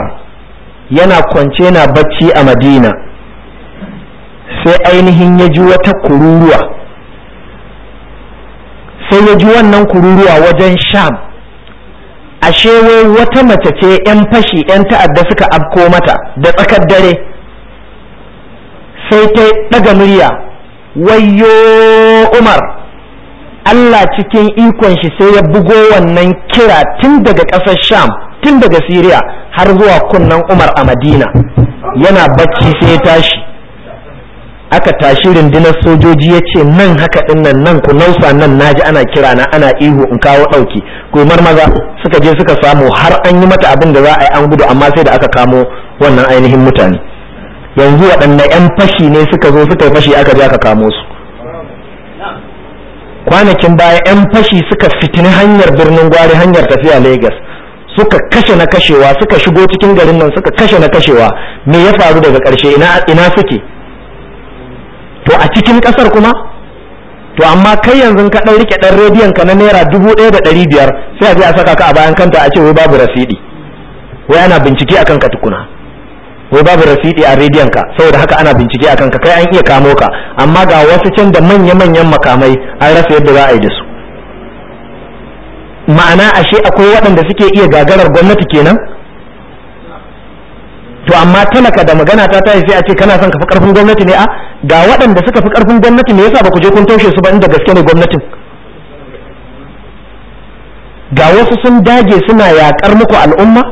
S1: yana kwance na bacci a madina sai ainihin ya ji wata kururuwa sai ya ji wannan kururuwa wajen sham ashe wai wata mace ce 'yan fashi 'yan ta'adda suka abko mata da tsakar dare sai ta ɗaga murya wayo umar allah cikin ikon shi sai ya bugo wannan kira tun daga ƙasar sham tun daga siriya har zuwa kunnan umar a madina yana bacci sai ya tashi aka tashi rundunar sojoji ya ce nan haka dinnan nan nan ku nausa nan na ji ana kira na ana ihu in kawo ɗauki ku maza suka je suka samu har an yi mata abin da za a yi an gudu amma sai da aka kamo wannan ainihin mutane yanzu waɗanne 'yan fashi ne suka zo suka yi fashi aka je aka kamo su kwanakin baya 'yan fashi suka fitini hanyar birnin gwari hanyar tafiya Legas suka kashe na kashewa suka shigo cikin garin nan suka kashe na kashewa me ya faru daga ƙarshe ina suke to a cikin kasar kuma to amma kai yanzu ka ɗan rike ɗan rediyon ka na naira dubu ɗaya da ɗari biyar sai a je a saka ka a bayan kanta a ce wai babu rasidi wai ana bincike akan ka tukuna wai babu rasidi a rediyon ka saboda haka ana bincike akan ka kai an iya kamo ka amma ga wasu can da manya-manyan makamai an rasa yadda za a yi da su ma'ana ashe akwai waɗanda suke iya gagarar gwamnati kenan to amma talaka da magana ta tayi sai a ce kana son ka fi karfin gwamnati ne a ga waɗanda suka fi karfin gwamnati me yasa ba ku je kun taushe su ba inda gaske ne gwamnatin ga wasu sun dage suna yaƙar muku al'umma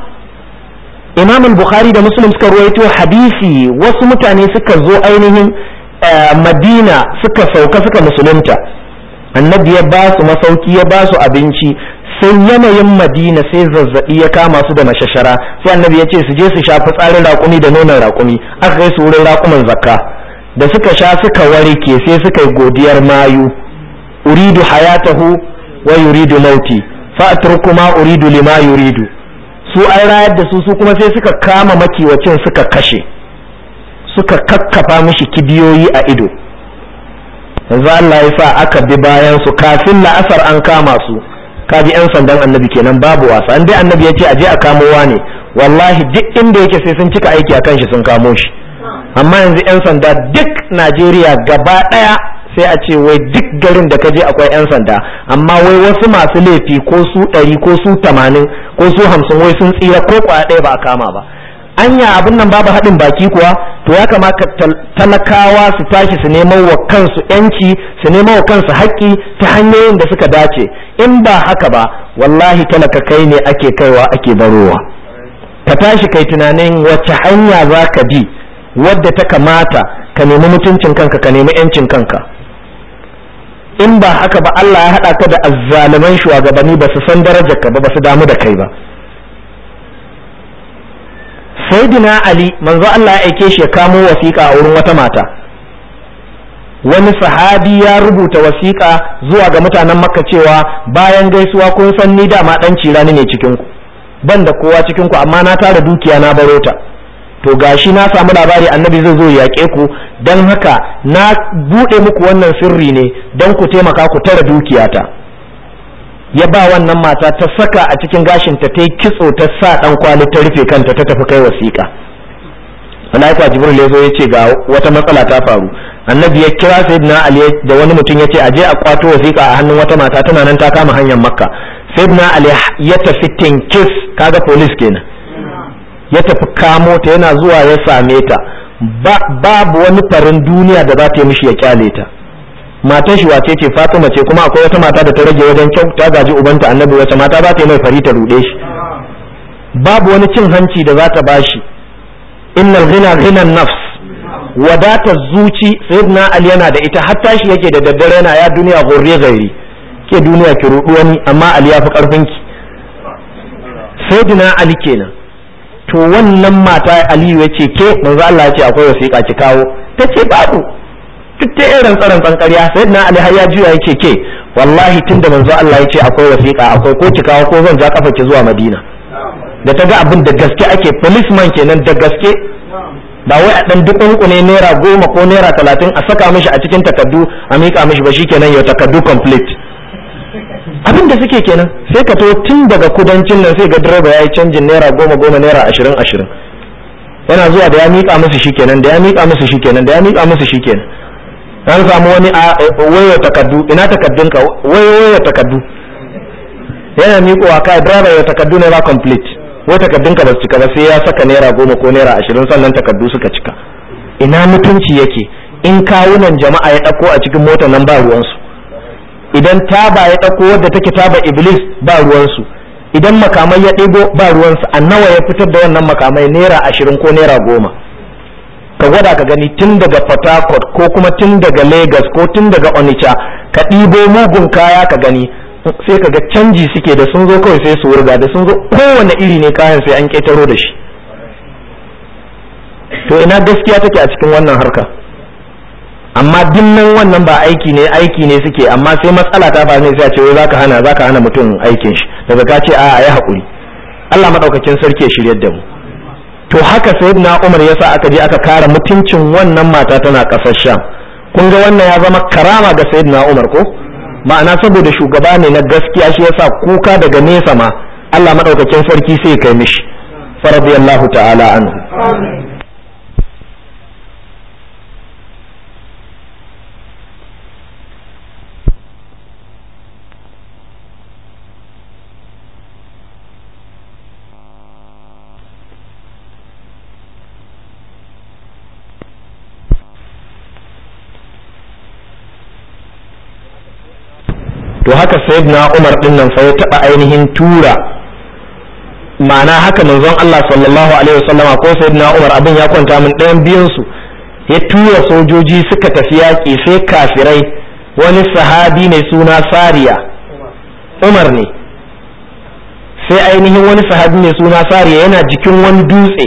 S1: imam bukhari da muslim suka ruwaito hadisi wasu mutane suka zo ainihin eh, madina suka sauka suka musulunta annabi ya ba su masauki ya ba su abinci sai yanayin madina sai zazzabi ya kama su da mashashara sai annabi ya ce su je su sha fitsarin raƙumi da nonon raƙumi aka kai su wurin raƙuman zakka da suka sha suka warke sai suka yi godiyar mayu uridu hayatahu wa yuridu mauti ma uridu lima yuridu su an rayar da su su kuma sai suka kama makiwacin suka kashe suka kakkafa mishi kibiyoyi a ido yanzu Allah ya sa aka bi bayan su kafin la'asar an kama su ka ji yan sandan annabi kenan babu wasa an dai annabi ya ce a je a kamo ne wallahi duk inda yake sai sun cika aiki a kan shi sun kamo shi amma yanzu yan sanda duk najeriya gaba ɗaya sai a ce wai duk garin da ka je akwai yan sanda amma wai wasu masu laifi ko su ɗari ko su tamanin ko su hamsin wai sun tsira ko kwaya ɗaya ba a kama ba anya abin nan babu haɗin baki kuwa to ya kamata talakawa su tashi su nemo wa kansu yanci su nemo wa kansu haƙƙi ta hanyoyin da suka dace in ba haka ba wallahi talaka kai ne ake kaiwa ake barowa ka tashi kai tunanin wacce hanya za ka bi wadda ta kamata ka nemi mutuncin kanka ka nemi yancin kanka in ba haka ba Allah ya haɗa ka da azzaliman shugabanni ba su san darajarka ba ba su damu da kai ba saidina ali manzo Allah ya aike shi ya kamo wasiƙa a wurin wata mata wani sahabi ya rubuta wasiƙa zuwa ga mutanen makka cewa bayan gaisuwa kun san ni dama dan cirani ne cikin ku ban da kowa cikin ku amma na tara dukiya na baro ta to gashi na samu labari annabi zai zo yaƙe ku dan haka na buɗe muku wannan sirri ne don ku taimaka ku tara dukiyata ya ba wannan mata ta saka a cikin gashinta ta yi kitso ta sa ɗan kwali ta rufe kanta ta tafi kai wasiƙa malaika jibril ya zo ya ce ga wata matsala ta faru annabi ya kira sayyidina ali da wani mutum ya ce a je a kwato wasiƙa a hannun wata mata tana nan ta kama hanyar makka sayyidina ali ya tafi tinkis kaga police kenan ya tafi kamo ta yana zuwa ya same ta babu wani farin duniya da za ta yi mishi ya kyale ta matan shi wace ce Fatima ce kuma akwai wata mata da ta rage wajen kyau ta gaji ubanta annabi wace mata za ta yi mai fari ta rude shi babu wani cin hanci da za ta bashi innal ghina ghina nafs wadata zuci sayyidina ali yana da ita hatta shi yake da daddare yana ya duniya gurre gairi ke duniya ki rudu wani amma ali ya fi karfin ki sayyidina ali kenan to wannan mata aliyu yace ke manzo Allah ya ce akwai wasiƙa ki kawo tace babu duk ta irin tsaron tsankariya sai na ali ya juya yake ke wallahi tunda manzo Allah yace akwai wasiƙa akwai ko ki kawo ko zan ja kafa ki zuwa Madina da ta ga abin da gaske ake policeman kenan da gaske ba wai a dan dukunkune naira goma ko naira talatin a saka mishi a cikin takaddu a mika mishi ba shikenan ya takaddu complete abin da suke kenan sai ka to tun daga kudancin nan sai ga direba ya yi canjin naira goma goma naira ashirin ashirin yana zuwa da ya mika musu shikenan da ya mika musu shikenan da ya mika musu shikenan an samu wani a eh, wayo takaddu ina takaddun ka wayo wayo takaddu yana miƙowa kai driver ya takaddu ba complete wai takaddun ka ba su cika ba sai ya saka naira goma ko naira ashirin sannan takaddu suka cika ina mutunci yake in kawunan jama'a ya ɗauko a cikin mota nan ba ruwansu idan taba ya ɗauko wadda take taba iblis ba ruwansu idan makamai ya ɗigo ba ruwansu a nawa ya fitar da wannan makamai naira ashirin ko naira goma ka gwada ka gani tun daga fatakot ko kuma tun daga lagos ko tun daga onitsha ka ɗibo mugun kaya ka gani sai ka ga canji suke da sun zo kawai sai su wurga da sun zo kowane iri ne kayan sai an ƙetaro da shi to ina gaskiya take a cikin wannan harka amma dinnan wannan ba aiki ne aiki ne suke amma sai matsala ta faru ne sai a ce za ka hana mutum aikin shi daga ka ce a yi haƙuri Allah maɗaukakin sarki ya shiryar da mu to haka na umar ya sa aka je aka kara mutuncin wannan mata tana kasar sham kun ga wannan ya zama karama ga na umar ko ma'ana saboda shugaba ne na gaskiya shi yasa kuka daga nesa ma Allah maɗaukakin sarki sai kai mishi faradiyallahu ta'ala anhu to haka sayyidina umar din nan fa taba ainihin tura ma'ana haka manzon Allah sallallahu alaihi wasallama ko sayyidina umar abin ya kwanta min ɗayan biyun su ya tura sojoji suka tafi yaƙi sai kafirai wani sahabi mai suna sariya umar ne sai ainihin wani sahabi mai suna sariya yana jikin wani dutse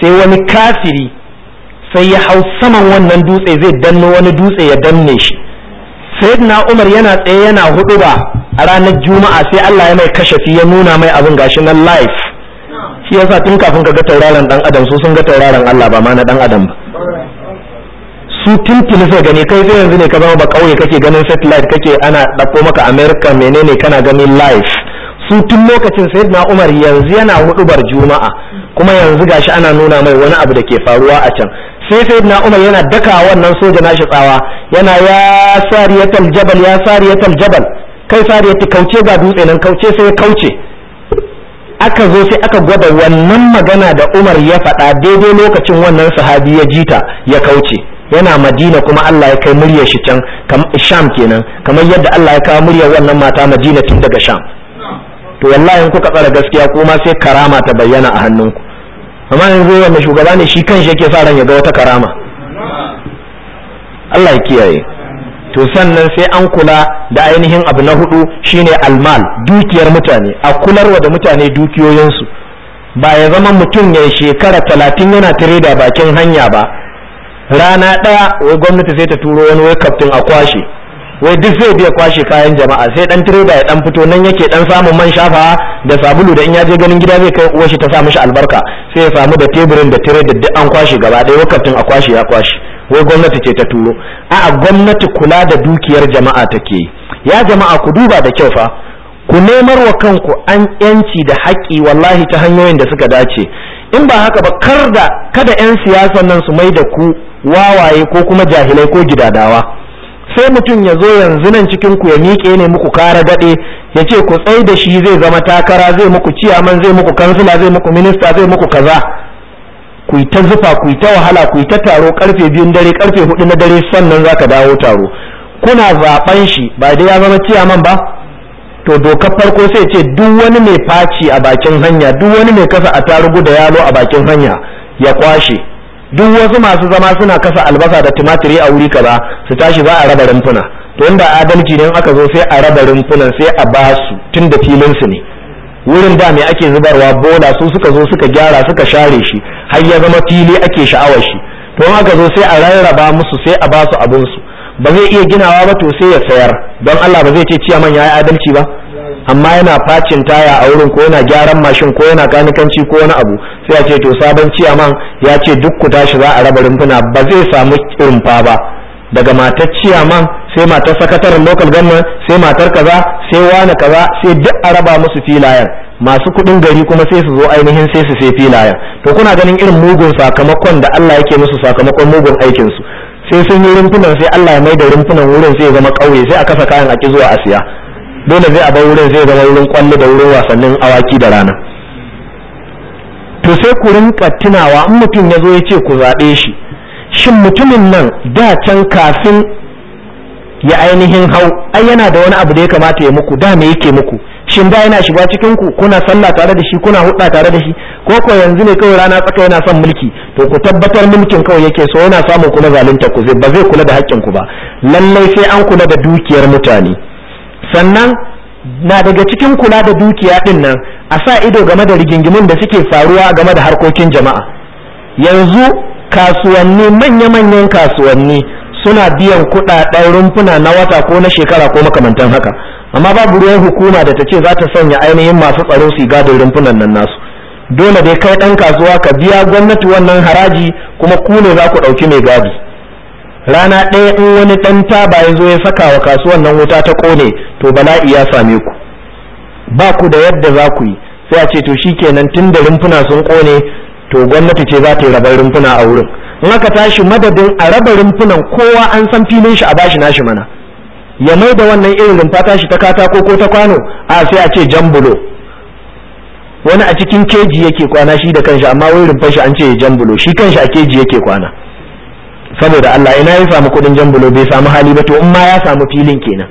S1: sai wani kafiri sai ya hau saman wannan dutse zai danno wani dutse ya danne shi na umar yana tsaye yana hudu ba a ranar juma'a sai Allah ya mai kashafi ya nuna mai abin gashi nan life shi yasa tun kafin ka ga tauraron dan adam su sun ga tauraron Allah ba ma na dan adam ba su tuntuni sai gani kai sai yanzu ne ka zama ba kauye kake ganin satellite kake ana dako maka america menene kana ganin life su tun lokacin sayyidina umar yanzu yana hudubar juma'a kuma yanzu gashi ana nuna mai wani abu da ke faruwa a can sai sai na umar yana daka wannan soja nashi tsawa yana ya sariyatal jabal ya sariyatal jabal kai sariyati kauce ba dutse nan kauce sai ya kauce aka zo sai aka gwada wannan magana da umar ya faɗa daidai lokacin wannan sahabi ya jita ya kauce yana madina kuma Allah ya kai muryar shi can sham kenan kamar yadda Allah ya kawo muryar wannan mata madina tun daga sham to wallahi in kuka tsara gaskiya kuma sai karama ta bayyana a hannunku amma yanzu wanda shugaba ne shi kan shi yake sa ran ya wata karama Allah ya kiyaye to sannan sai an kula da ainihin abu na hudu shine almal dukiyar mutane a kularwa da mutane dukiyoyinsu ba ya zama mutum ya shekara talatin yana tare da bakin hanya ba rana ɗaya wai gwamnati sai ta turo wani wai kaftin a kwashe wai duk zai biya kwashe kayan jama'a sai dan tireda ya dan fito nan yake dan samun man shafawa da sabulu da in ya je ganin gida zai kai uwar shi ta sa mishi albarka sai ya samu da teburin da tireda duk an kwashe gaba ɗaya a kwashe ya kwashe wai gwamnati ce ta turo a'a gwamnati kula da dukiyar jama'a take ya jama'a ku duba da kyau fa ku nemar wa kanku an yanci da haƙƙi wallahi ta hanyoyin da suka dace in ba haka ba kar da kada 'yan siyasan nan su mai da ku wawaye ko kuma jahilai ko gidadawa sai mutum ya zo yanzu nan cikin ku ya miƙe ne muku kara daɗe ya ce ku tsai da shi zai zama takara zai muku ciyaman zai muku kansila zai muku minista zai muku kaza ku yi ta zufa ku yi ta wahala ku yi ta taro karfe biyun dare karfe hudu na dare sannan za ka dawo taro kuna zaben shi ba dai ya zama ciyaman ba to dokar farko sai ce duk wani mai faci a bakin hanya duk wani mai kasa a tarugu da yalo a bakin hanya ya kwashe duk wasu masu zama suna kasa albasa da tumatiri a wuri kaza su tashi za a raba rumfuna to inda adalci ne aka zo sai a raba rumfunan sai a ba su tun da filin su ne wurin da mai ake zubarwa bola su suka zo suka gyara suka share shi har ya zama fili ake sha'awar shi to in aka zo sai a rarraba musu sai a ba su abin su ba zai iya ginawa ba to sai ya sayar don Allah ba zai ce ciyaman ya yi adalci ba amma yana facin taya a wurin ko yana gyaran mashin ko yana kanikanci ko wani abu sai ya ce to sabon ciyaman ya ce duk ku tashi za a raba rumfuna ba zai samu rumfa ba daga matar ciyaman sai matar sakataren local government sai matar kaza sai wani kaza sai duk a raba musu filayen masu kuɗin gari kuma sai su zo ainihin sai su sai filayen to kuna ganin irin mugun sakamakon da Allah yake musu sakamakon mugun aikin su sai sun yi rumfunan sai Allah ya mai da rumfunan wurin sai ya zama ƙauye sai a kasa kayan a zuwa asiya dole zai a bar wurin zai zama wurin kwallo da wurin wasannin awaki da rana to sai ku rinka tunawa in mutum ya zo ya ce ku zaɓe shi shin mutumin nan da can kafin ya ainihin hau ai yana da wani abu da ya kamata ya muku da me yake muku shin da yana shiga cikin ku kuna sallah tare da shi kuna hudda tare da shi ko ko yanzu ne kawai rana tsaka yana son mulki to ku tabbatar mulkin kawai yake so yana samun kuma zalunta ku ba zai kula da haƙƙin ku ba lallai sai an kula da dukiyar mutane sannan na daga cikin kula da dukiya din nan a sa ido game da rigingimin da suke faruwa game da harkokin jama'a yanzu kasuwanni manya-manyan kasuwanni suna biyan kuɗaɗen rumfuna na wata ko na shekara ko makamantan haka amma babu ruwan hukuma da ta ce za ta sanya ainihin masu tsaro su gadon rumfunan nan nasu dole dai kai ɗan kasuwa ka biya gwamnati wannan haraji kuma ku ne za ku ɗauki mai gadi rana ɗaya in wani ɗan taba ya zo ya saka wa kasuwan nan wuta ta ƙone to bala'i ya same ku ba ku da yadda za ku yi sai a ce to shi kenan tun da rumfuna sun ƙone to gwamnati ce za ta yi rabar rumfuna a wurin in aka tashi madadin a raba rumfunan kowa an san filin shi a bashi nashi mana ya mai da wannan irin rumfa tashi ta katako ko ta kwano a sai a ce jan wani a cikin keji yake kwana shi da kanshi amma wai rumfa shi an ce jan bulo shi kanshi a keji yake kwana saboda Allah ina ya samu kudin jan bulo bai samu hali ba to in ma ya samu filin kenan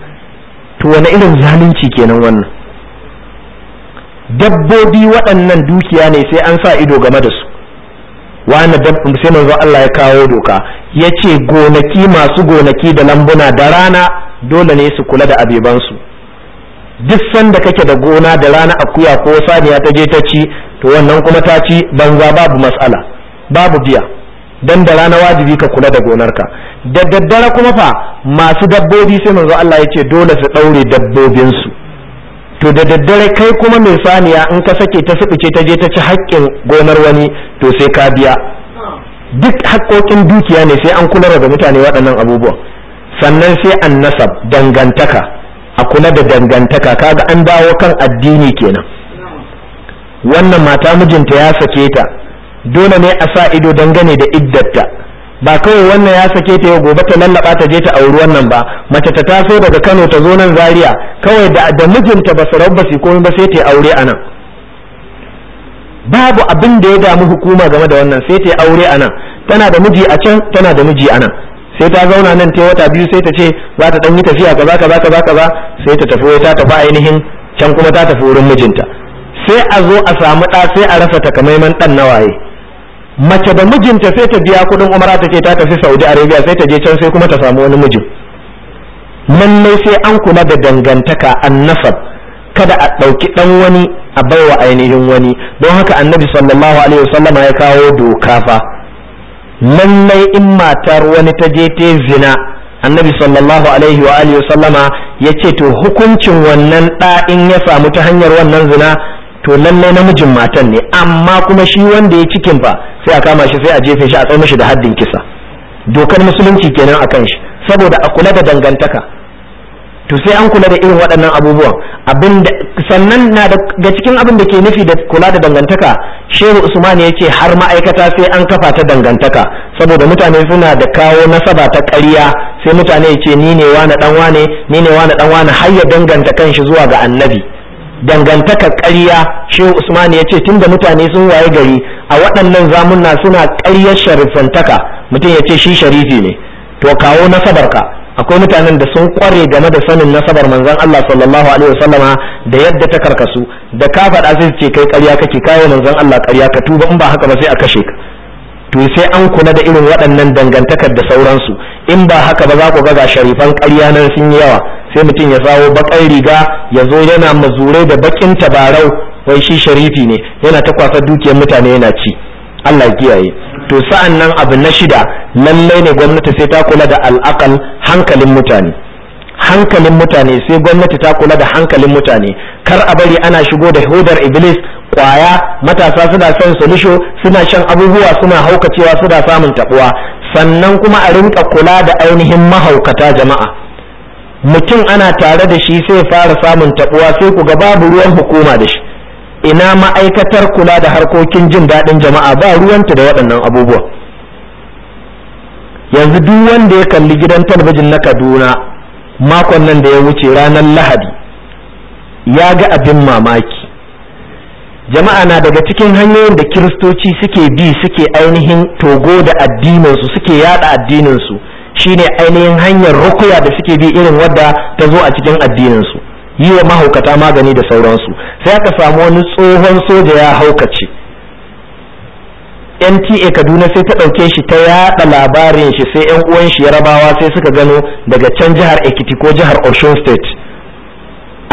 S1: to wani irin zalunci kenan wannan dabbobi waɗannan dukiya ne sai an sa ido game da su wani sai manzo Allah ya kawo doka ya ce gonaki masu gonaki da lambuna da rana dole ne su kula da abebansu duk sanda kake da gona da rana akuya ko saniya ta je ta ci to wannan kuma ta ci banza babu matsala babu biya dan da rana wajibi ka kula da gonarka da daddare kuma fa masu dabbobi sai manzo Allah ya ce dole su daure dabbobinsu to da daddare kai kuma mai saniya in ka sake ta suɓuce ta je ta ci haƙƙin gonar wani to sai ka biya duk haƙƙoƙin dukiya ne sai an kula da mutane waɗannan abubuwan sannan sai an nasab dangantaka a kula da dangantaka kaga an dawo kan addini kenan wannan mata mijinta ya sake ta dole ne a sa ido dangane da iddarta ba kawai wannan ya sake ta yau gobe ta lallaba ta je ta auri wannan ba mace ta taso daga Kano ta zo nan Zaria kawai da da mijinta ba su rabba su komai ba sai ta aure anan babu abin da ya damu hukuma game da wannan sai ta aure anan tana da miji a can tana da miji anan sai ta zauna nan ta wata biyu sai ta ce za ta dan yi tafiya kaza kaza kaza kaza sai ta tafi ta tafi ainihin can kuma ta tafi wurin mijinta sai a zo a samu ɗa sai a rasa takamaiman ɗan nawaye mace da mijinta sai ta biya kuɗin umara ta ce ta tafi saudi arabia sai ta je can sai kuma ta samu wani mijin lallai sai an kula da dangantaka annasab kada a ɗauki ɗan wani a baiwa ainihin wani don haka annabi sallallahu alaihi wasallam ya kawo doka fa lallai in matar wani ta je ta zina annabi sallallahu alaihi wa alihi wasallama ya ce to hukuncin wannan ɗa in ya samu ta hanyar wannan zina to lalle namijin matan ne amma kuma shi wanda ya cikin ba sai a kama shi sai a jefe shi a tsaye mishi da haddin kisa dokar musulunci kenan a kan shi saboda a kula da dangantaka to sai an kula da irin waɗannan abubuwan abinda sannan na da cikin abin da ke nufi da kula da dangantaka shehu usman ya ce har ma'aikata sai an kafa ta dangantaka saboda mutane suna da kawo nasaba ta ƙarya sai mutane ya ce ni ne wani dan wane ni ne wani ɗan wane har ya danganta kanshi zuwa ga annabi dangantaka ƙarya shehu usman ya ce tun da mutane sun waye gari a waɗannan zamunna suna ƙaryar sharifantaka mutum ya ce shi sharifi ne to kawo nasabarka akwai mutanen da sun kware game da sanin nasabar manzon Allah sallallahu alaihi wasallama da yadda ta karkasu da ka faɗa sai ce kai ƙarya kake kawo manzon Allah ƙarya ka tuba in ba haka ba sai a kashe ka to sai an kula da irin waɗannan dangantakar da sauransu in ba haka ba za ku ga ga sharifan ƙarya nan sun yi yawa sai mutum ya sawo bakan riga ya zo yana mazurai da bakin tabarau wai shi sharifi ne yana ta kwasa dukiyar mutane yana ci Allah ya kiyaye to sa'an nan abu na shida lallai ne gwamnati sai ta kula da al'akal hankalin mutane hankalin mutane sai gwamnati ta kula da hankalin mutane kar a bari ana shigo da hodar iblis kwaya matasa suna son su nisho suna shan abubuwa suna haukacewa suna samun tabuwa sannan kuma a rinka kula da ainihin mahaukata jama'a mutum ana tare da shi sai fara samun tabuwa sai ku ga babu ruwan hukuma da shi ina ma'aikatar kula da harkokin jin daɗin jama'a ba ruwanta da waɗannan abubuwa yanzu duk wanda ya kalli gidan talabijin na kaduna makon nan da ya wuce ranar lahadi ya ga abin mamaki jama'a na daga cikin hanyoyin da kiristoci suke bi suke ainihin togo da addininsu suke yada addininsu shine ainihin hanyar rukuya da suke bi irin wadda ta zo a cikin addininsu su yi wa mahaukata magani da sauransu sai aka samu wani tsohon soja ya haukace NTA Kaduna sai ta ɗauke shi ta yaɗa labarin shi sai ‘yan uwan shi yarabawa sai suka gano daga can jihar Ekiti ko jihar Osun State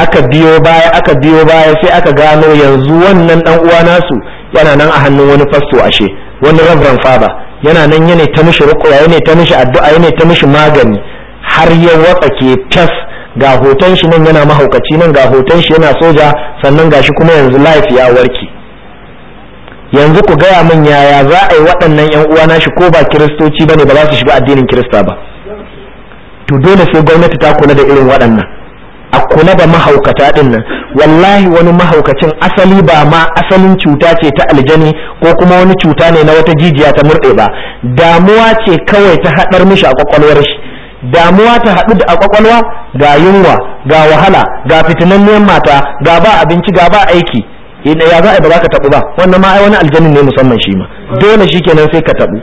S1: aka biyo baya aka biyo baya sai aka gano yanzu wannan ɗan uwa nasu yana nan a hannun wani fasto ashe wani Reverend Father yana nan yana ta mishi rukuya yana ta mishi addu'a yana ta mishi magani har ya watsake tas ga hoton shi nan yana mahaukaci nan ga hoton shi yana soja sannan ga shi kuma yanzu life ya warke yanzu ku gaya min yaya za a yi waɗannan yan uwana shi ko ba kiristoci bane ba za su shiga addinin kirista ba to dole sai gwamnati ta kula da irin waɗannan a kula da mahaukata ɗin nan wallahi wani mahaukacin asali ba ma asalin cuta ce ta aljani ko kuma wani cuta ne na wata jijiya ta murɗe ba damuwa ce kawai ta haɗar mishi a kwakwalwar shi damuwa ta haɗu da a kwakwalwa ga yunwa ga wahala ga neman mata ga ba abinci ga ba aiki ya za a ba za ka taɓu ba wannan ma ai wani aljanin ne musamman shi ma dole shi kenan sai ka taɓu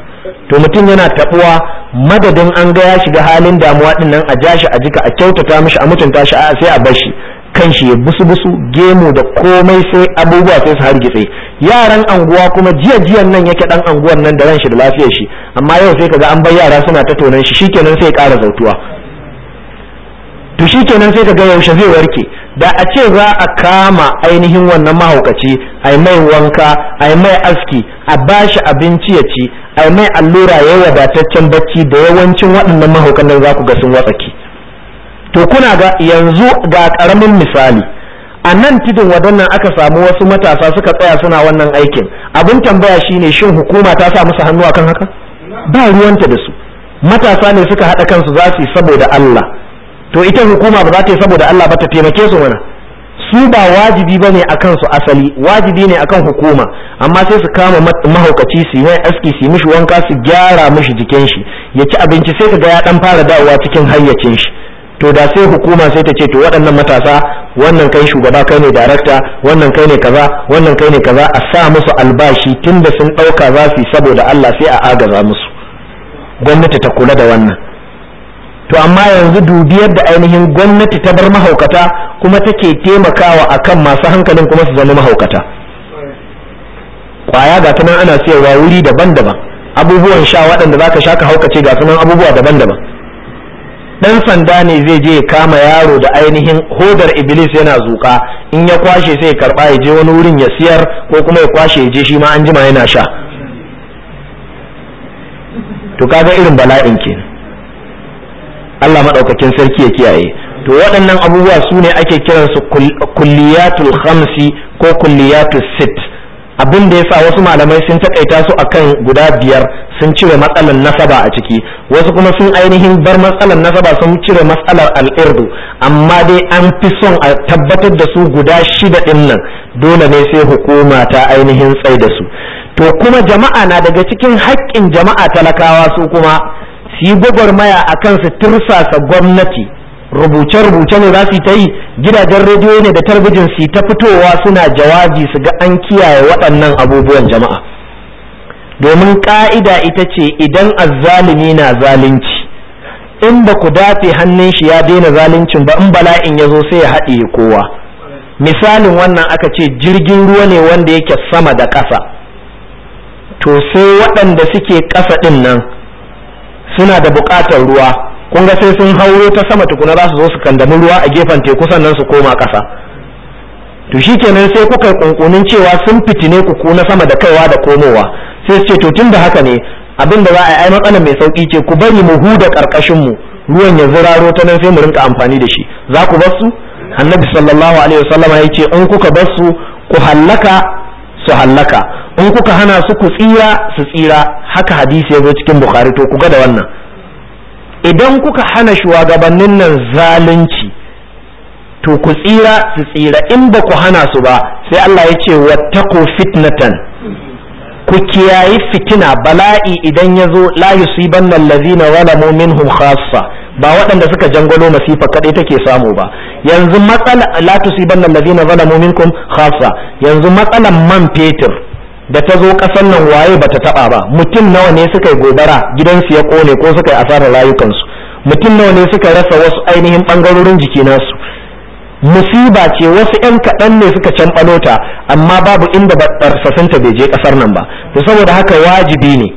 S1: to mutum yana taɓuwa madadin an ga ya shiga halin damuwa din nan a jashi a jika a kyautata mishi a mutunta shi a sai a bar shi kan shi ya busu busu gemu da komai sai abubuwa sai su hargitse yaran anguwa kuma jiya jiyan nan yake dan anguwan nan da ran shi da lafiyar shi amma yau sai kaga an bar yara suna ta tonan shi shikenan sai ya kara zautuwa to shi kenan sai ka ga yaushe zai warke da a ce za a kama ainihin wannan mahaukaci a mai wanka a mai aski a ba shi abinci ya ci a mai allura ya wadataccen bacci da yawancin waɗannan mahaukan nan za ku ga sun watsaki to kuna ga yanzu ga ƙaramin misali a nan tudun wadannan aka samu wasu matasa suka tsaya suna wannan aikin abin tambaya shine shin hukuma ta sa musu hannu akan haka ba ruwanta da su matasa ne suka haɗa kansu za su yi saboda Allah to ita hukuma ba za ta yi saboda Allah ba ta taimake su mana su ba wajibi bane akan su asali wajibi ne akan hukuma amma sai su kama mahaukaci su yi aski su mishi wanka su gyara mishi jikin shi ya ci abinci sai ka ga ya dan fara dawowa cikin hayyacin shi to da sai hukuma sai ta ce to waɗannan matasa wannan kai shugaba kai ne darakta wannan kai ne kaza wannan kai ne kaza a sa musu albashi tunda sun ɗauka za yi saboda Allah sai a agaza musu gwamnati ta kula da wannan to amma yanzu dubi yadda ainihin gwamnati ta bar mahaukata kuma take taimakawa akan masu hankalin kuma su zama mahaukata kwaya ga tunan ana siyarwa wuri daban-daban abubuwan sha waɗanda za ka sha ka haukace ga tunan abubuwa daban-daban ɗan sanda ne zai je kama yaro da ainihin hodar iblis yana zuƙa, in ya kwashe sai ya karɓa ya je wani wurin ya siyar ko kuma ya kwashe ya je shi ma an jima yana sha to kaga irin bala'in kenan Allah madaukakin sarki ya kiyaye to waɗannan abubuwa su ne ake kiransu kulliyatul khamsi ko kulliyatul sit abin da yasa wasu malamai sun takaita su akan guda biyar sun cire matsalar nasaba a ciki wasu kuma sun ainihin bar matsalar nasaba sun cire matsalar al'irdu amma dai an fi son a tabbatar da su guda shida din nan dole ne sai hukuma ta ainihin tsai da su to kuma jama'a na daga cikin haƙƙin jama'a talakawa su kuma su yi gwagwarmaya a kan su tursasa gwamnati rubuce-rubuce ne za su ta yi gidajen rediyo ne da talbijin su ta fitowa suna jawabi su ga an kiyaye waɗannan abubuwan jama'a domin ƙa'ida ita ce idan azzalumi na zalunci in ba ku dafe hannun shi ya daina zaluncin ba in bala'in ya zo sai ya haɗe kowa misalin wannan aka ce jirgin ruwa ne wanda yake sama da ƙasa to sai waɗanda suke ƙasa ɗin nan suna da buƙatar ruwa kun ga sai sun hauro ta sama tukuna za su zo su kandami ruwa a gefen teku sannan su koma ƙasa to shikenan sai kuka kunkunin cewa sun fitine ku ku na sama da kaiwa da komowa sai su ce to tun da haka ne abin da za a yi ai matsala mai sauki ce ku bari mu huda karkashin mu ruwan ya ziraro ta nan sai mu rinka amfani da shi za ku bar su annabi sallallahu alaihi wasallama ya ce in kuka bar su ku hallaka su hallaka in kuka hana su ku tsira su tsira haka hadisi ya zo cikin bukari to ku ga da wannan idan kuka hana shugabannin nan zalunci to ku tsira su tsira in ba ku hana su ba sai Allah ya ce wattaqu fitnatan ku kiyayi fitina bala'i idan ya zo la yusibanna allazina zalamu minhum khassa ba waɗanda suka jangwalo masifa kaɗai take samu ba yanzu matsala la tusibanna alladhina zalamu minkum khassa yanzu matsalan man fetur da ta zo ƙasar nan waye bata taɓa ba mutum nawa ne suka yi gobara gidansu ya kone ko suka yi asarar rayukansu mutum nawa ne suka rasa wasu ainihin ɓangarorin jiki nasu musiba ce wasu 'yan kaɗan ne suka can ta amma babu inda barsasinta bai je ƙasar nan ba to saboda haka wajibi ne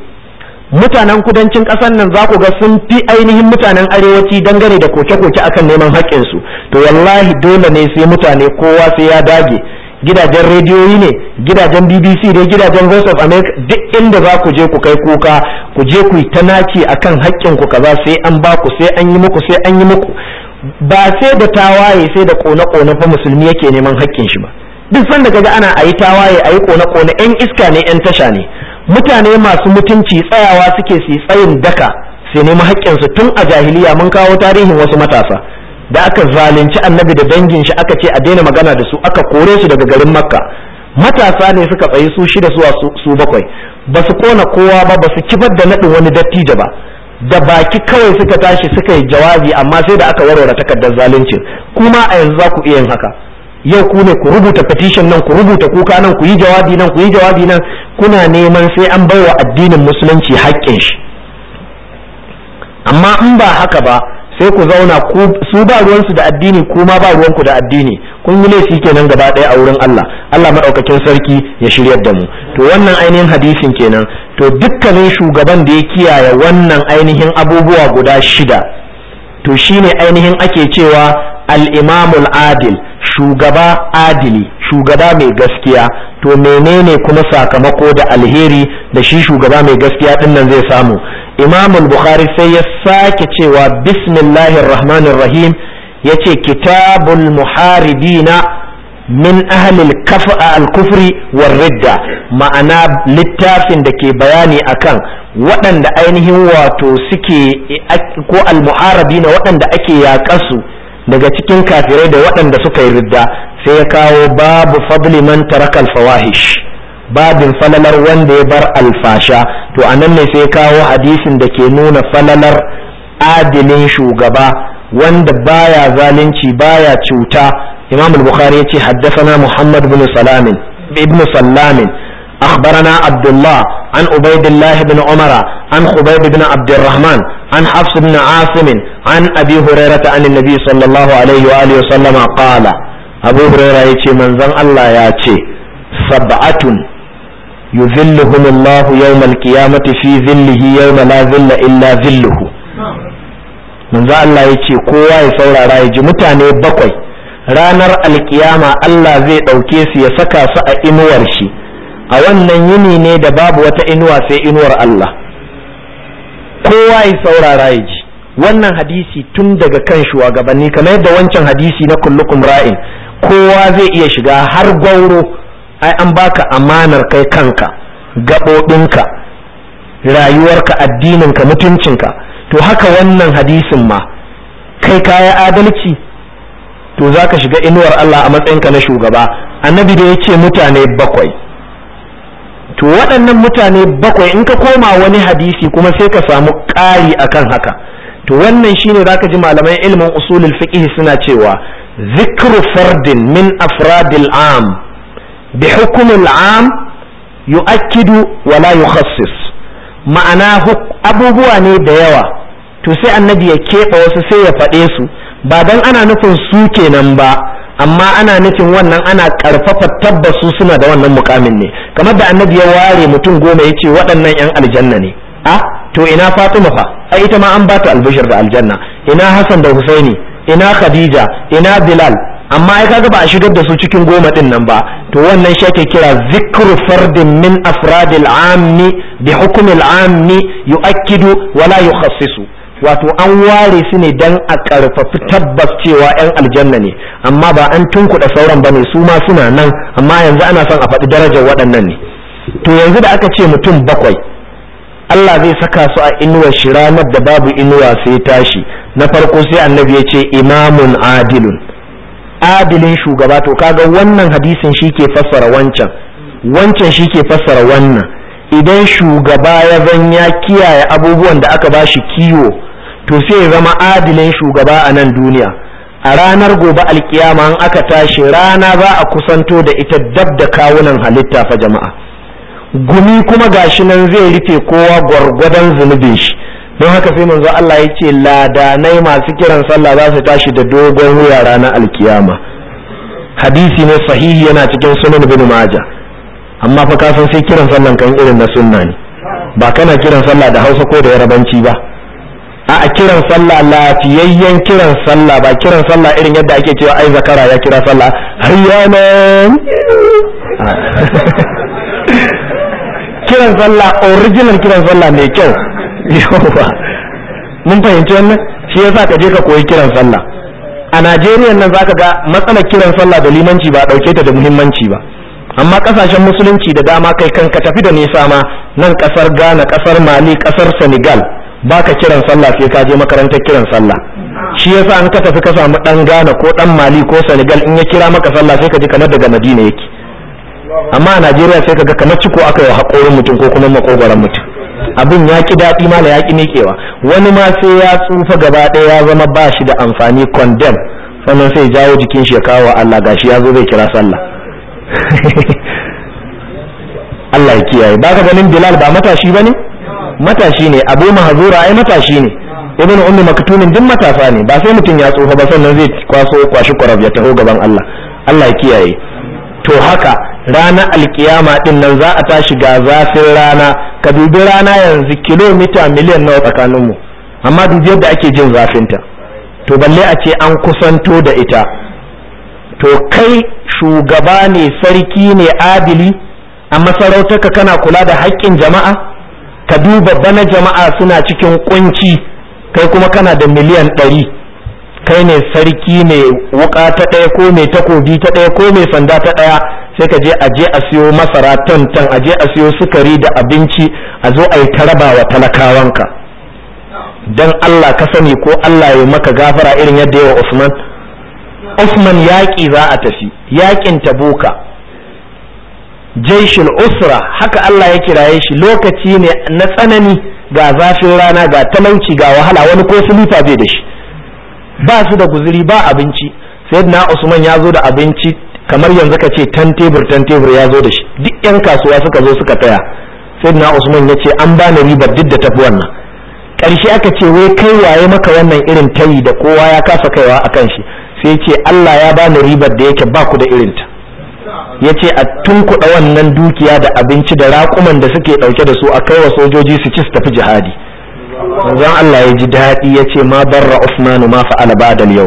S1: mutanen kudancin ƙasar nan za ku ga sun fi ainihin mutanen arewaci dangane da koke-koke akan neman haƙƙinsu to wallahi dole ne sai mutane kowa sai ya dage gidajen rediyoyi ne gidajen bbc ne gidajen voice of america duk inda za ku je ku kai kuka ku je ku yi ta naki akan haƙƙin ku kaza sai an ba ku sai an yi muku sai an yi muku ba sai da tawaye sai da kone-kone fa musulmi yake neman haƙƙin shi ba duk sanda kaga ana ayi tawaye ayi kone-kone yan iska ne yan tasha ne mutane masu mutunci tsayawa suke su tsayin daka su nemi haƙƙinsu tun a jahiliya mun kawo tarihin wasu matasa da aka zalunci annabi da dangin shi aka ce a daina magana da su aka kore su daga garin makka matasa ne suka tsayi su shida zuwa su bakwai ba su kona kowa ba ba su kibar da naɗin wani dattijo ba da baki kawai suka tashi suka yi jawabi amma sai da aka warware takardar zalunci kuma a yanzu za ku iya yin haka yau ku ne ku rubuta petition nan ku rubuta kuka nan ku yi jawabi nan ku yi jawabi nan kuna neman sai an baiwa addinin musulunci haƙƙin shi amma in ba haka ba sai ku zauna su ba ruwansu da addini ma ba ruwanku da addini kun yi laifi kenan gaba ɗaya a wurin Allah Allah maɗaukakin sarki ya shiryar da mu to wannan ainihin hadisin kenan to dukkanin shugaban da ya kiyaye wannan ainihin abubuwa guda shida to shine ainihin ake cewa al-imamul adil shugaba adili shugaba mai gaskiya to menene kuma sakamako da alheri da shi shugaba mai gaskiya din nan zai samu imam bukhari sai ya sake cewa bismillahir rahmanir rahim yace kitabul muharibina min ahlil kafa al-kufri war ridda ma'ana littafin da ke bayani akan waɗanda ainihin wato suke ko al-muharibina waɗanda ake yaƙasu su daga cikin kafirai da waɗanda suka yi ridda sai ya kawo babu fadli man taraka alfawahish babin falalar wanda ya bar alfasha to anan ne sai ya kawo hadisin da ke nuna falalar adilin shugaba wanda baya zalunci baya cuta imam al-bukhari ya ce haddasa muhammad bin salamin ibn salamin أخبرنا عبد الله عن عبيد الله بن عمر عن خبيب بن عبد الرحمن عن حفص بن عاصم عن أبي هريرة عن النبي صلى الله عليه وآله وسلم قال أبو هريرة يتي من زن الله ياتي سبعة يذلهم الله يوم القيامة في ذله يوم لا ذل إلا ذله من زن الله يتي قوة يسورة رايج متاني بقوي ranar alkiyama Allah zai ɗauke su ya saka su a inuwar shi a wannan yini ne da babu wata inuwa sai inuwar Allah kowa ya saurara ya ji wannan hadisi tun daga kan shugabanni kamar yadda wancan hadisi na kullukum ra'in kowa zai iya shiga har gwauro ai an baka amanar kai kanka gaɓoɗinka rayuwarka addininka mutuncinka to haka wannan hadisin ma kai kaya adalci to za ka shiga inuwar Allah a matsayinka na shugaba annabi da ya ce mutane bakwai to waɗannan mutane bakwai in ka koma wani hadisi kuma sai ka samu ƙari akan haka to wannan shine zaka ji malaman ilimin usulul fiqh suna cewa zikru fardin min afradil am bi hukumul am yu'akkidu wala la yukhassis ma'ana abubuwa ne da yawa to sai annabi ya keɓe wasu sai ya faɗe su ba don ana nufin su kenan ba amma ana nufin wannan ana karfafa tabbasu suna da wannan mukamin ne kamar da annabi ya ware mutum goma ya ce waɗannan yan aljanna ne a to ina fatima fa ai ita ma an ba ta albishir da aljanna ina hasan da husaini ina khadija ina bilal amma ai kaga ba a shigar da su cikin goma din nan ba to wannan shake kira zikru fardin min afradil ammi bi hukmil ammi yu'akkidu wala yukhassisu wato an ware su ne don a ƙarfafi tabbas cewa 'yan aljanna ne amma ba an tunkuɗa sauran ba ne su ma suna nan amma yanzu ana son a faɗi darajar waɗannan ne to yanzu da aka ce mutum bakwai Allah zai saka su a inuwar shi da babu inuwa sai tashi na farko sai annabi ya ce imamun adilun adilin shugaba to kaga wannan hadisin shi ke fassara wancan wancan shi ke fassara wannan idan shugaba ya zan ya kiyaye abubuwan da aka bashi kiwo to sai ya zama adilin shugaba a nan duniya a ranar gobe alkiyama an aka tashi rana za a kusanto da ita dab da kawunan halitta fa jama'a gumi kuma gashi nan zai rufe kowa gwargwadon zunubin shi don haka sai manzo Allah ya ce ladanai masu kiran sallah za su tashi da dogon wuya ranar alkiyama hadisi ne sahihi yana cikin sunan ibn majah amma fa kasan sai kiran sallan kan irin na sunna ne ba kana kiran sallah da Hausa ko da Yarabanci ba a kiran sallah lafiyayyen kiran sallah ba kiran sallah irin yadda ake cewa ai zakara ya kira sallah hayyana kiran sallah original kiran sallah mai kyau yawa mun fahimci wannan shi yasa ka je ka koyi kiran sallah a Najeriya nan zaka ga matsalar kiran sallah da limanci ba dauke ta da muhimmanci ba amma kasashen musulunci da dama kai kanka tafi da nisa ma nan kasar Ghana kasar Mali kasar Senegal baka kiran sallah sai ka je makarantar kiran sallah shi yasa an ka tafi ka samu dan Ghana ko dan Mali ko Senegal in ya kira maka sallah sai ka ji kamar daga Madina yake amma a Najeriya sai ka ga kamar ciko aka yi hakorin mutum ko kuma makogoron mutum abin ya ki daɗi mala ya ki miƙewa wani ma sai ya tsufa gaba ɗaya ya zama ba shi da amfani condem sannan sai jawo jikin shi ya kawo Allah gashi ya zo zai kira sallah Allah ya kiyaye ba ka ganin Bilal ba matashi ba ne? matashi ne abu mahazura ai matashi ne ibn ummi maktumin din matasa ne ba sai mutum ya tsufa ba sannan zai kwaso kwashi kwarab ya taho gaban Allah Allah ya kiyaye to haka rana alkiyama din nan za a tashi ga zafin rana ka dubi rana yanzu kilomita miliyan nawa tsakanin mu amma dubi yadda ake jin zafin ta to balle a ce an kusanto da ita to kai shugaba ne sarki ne adili a masarautarka kana kula da haƙƙin jama'a ka duba bana jama'a suna cikin kunci kai kuma kana da miliyan ɗari kai ne sarki mai wuka ta ɗaya ko mai takobi ta ɗaya ko mai sanda ta ɗaya sai ka je a je a siyo masara tantan a je a siyo sukari da abinci a zo a yi taraba wa talakawanka don Allah ka sani ko Allah ya maka gafara irin yadda yawa Usman Usman yaƙi za a tafi yaƙin tabuka jaishin usra haka Allah ya kiraye shi lokaci ne na tsanani ga zafin rana ga talauci ga wahala wani ko silifa bai da shi ba su da guzuri ba abinci sayyidina usman ya zo da abinci kamar yanzu ka ce tan tebur tan tebur ya zo da shi duk yan kasuwa suka zo suka taya sayyidina usman ya ce an bani ribar duk da tafi wannan ƙarshe aka ce wai kai waye maka wannan irin tayi da kowa ya kasa kaiwa akan shi sai ce Allah ya bani ribar da yake ba ku da irinta ya ce a tunkuɗa wannan dukiya da abinci da raƙuman da suke ɗauke da su a kai wa sojoji su ci su tafi jihadi zan Allah ya ji daɗi ya ce ma barra Usmanu ma fa'ala ba'dal yau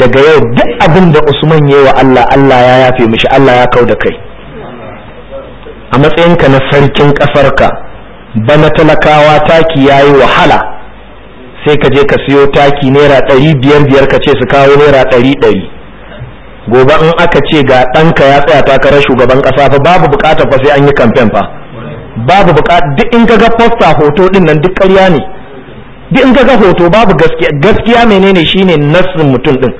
S1: daga yau duk abin da Usman yi wa Allah Allah ya yafe mishi Allah ya kau da kai a matsayinka na sarkin ka bana talakawa taki ya yi wahala sai ka je ka siyo taki naira ɗari biyar biyar ka ce su kawo naira ɗari ɗari gobe in aka ce ga ɗanka ya tsaya takarar shugaban ƙasa fa babu buƙatar fa sai an yi kamfen fa babu buƙatar duk in kaga fosta hoto din nan duk ƙarya ne duk in kaga hoto babu gaskiya gaskiya menene shine nassin mutum din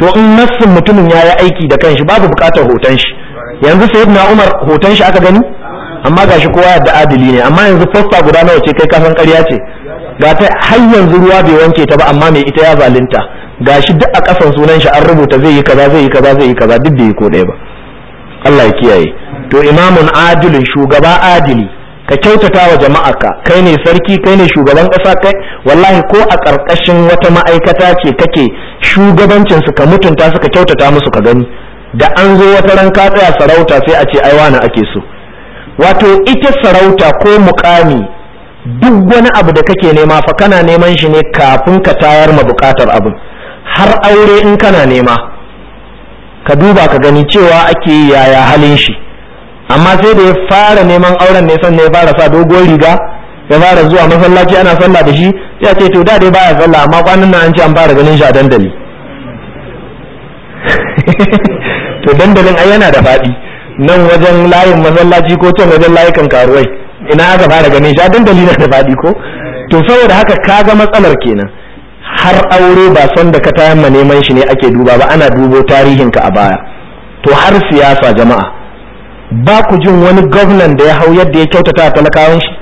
S1: to in nassin mutumin ya yi aiki da kanshi babu buƙatar hoton shi yanzu sayyidina Umar hoton shi aka gani amma gashi kowa da adili ne amma yanzu fosta guda nawa ce kai kasan ƙarya ce ga ta har yanzu ruwa bai wanke ta ba amma mai ita ya zalunta ga shi duk a kasan sunan shi an rubuta zai yi kaza zai yi kaza zai yi kaza duk bai yi ko ɗaya ba Allah ya kiyaye to imamun adilin shugaba adili ka kyautata wa jama'a ka kai ne sarki kai ne shugaban kasa kai wallahi ko a ƙarƙashin wata ma'aikata ce kake shugabancin su ka mutunta suka kyautata musu ka gani da an zo wata ran ka tsaya sarauta sai a ce ai wani ake so wato ita sarauta ko mukami duk wani abu da kake nema fa kana neman shi ne kafin ka tayar ma bukatar abin har aure in kana nema ka duba ka gani cewa ake yaya halin shi amma sai da ya fara neman auren ne sannan ya fara sa dogon riga ya fara zuwa masallaci ana sallah da shi ya ce to da dai baya sallah amma kwanan nan an ce an fara ganin shi a dandali to dandalin ai yana da faɗi nan wajen layin masallaci ko can wajen layukan karuwai ina aka fara ganin shi dan dalilin da faɗi ko to saboda haka ka ga matsalar kenan har aure ba son da ka tayamma neman shi ne ake duba ba ana dubo tarihin ka a baya to har siyasa jama'a ba ku jin wani gwamnan da ya hau yadda ya kyautata talakawan shi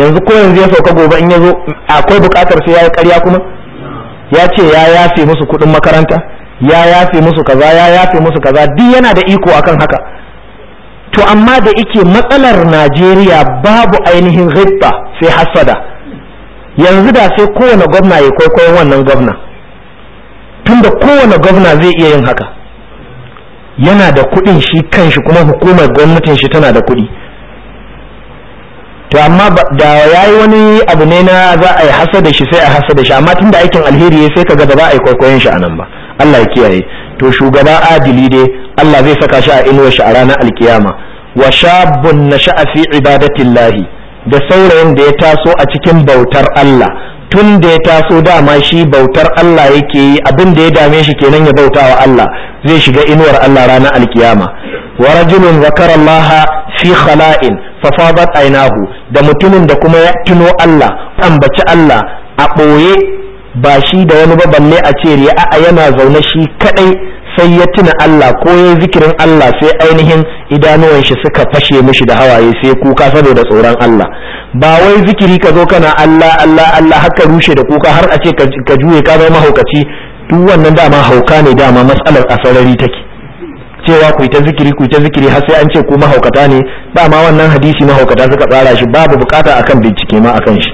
S1: yanzu ko yanzu ya sauka gobe in ya zo akwai bukatar sai ya yi karya kuma ya ce ya yafe musu kuɗin makaranta ya yafe musu kaza ya yafe musu kaza duk yana da iko akan haka to amma da ike matsalar najeriya babu ainihin ghibba sai hasada yanzu da sai kowane gwamna ya kwaikwayon wannan gwamna tunda kowane gwamna zai iya yin haka yana da kuɗin shi kanshi kuma hukumar gwamnatin shi tana da kuɗi to amma da yayi wani abu ne na za a yi hasa shi sai a hasa da shi amma tunda aikin alheri ya sai kaga ba a yi kwaikwayon shi anan ba Allah ya kiyaye to shugaba adili dai Allah zai saka shi a inuwar shi a ranar alkiyama wa shabun sha'a fi ibadatillahi da saurayin da ya taso a cikin bautar Allah tun da ya taso dama shi bautar Allah yake yi abin da ya dame shi kenan ya bauta wa Allah zai shiga inuwar Allah ranar alkiyama wa rajulun zakara Allah fi khala'in fa fadat ainahu da mutumin da kuma ya tuno Allah ambaci Allah a ɓoye ba shi da wani ba balle a ce a yana zaune shi kadai sai ya tuna Allah ko ya zikirin Allah sai ainihin idanuwan shi suka fashe mishi da hawaye sai kuka saboda tsoron Allah ba wai zikiri ka zo kana Allah Allah Allah haka rushe da kuka har a ce ka juye ka zama mahaukaci duk wannan dama hauka ne dama matsalar a sarari take cewa ku ta zikiri ku ta zikiri har sai an ce ku mahaukata ne ba ma wannan hadisi mahaukata suka tsara shi babu bukata akan bincike ma akan shi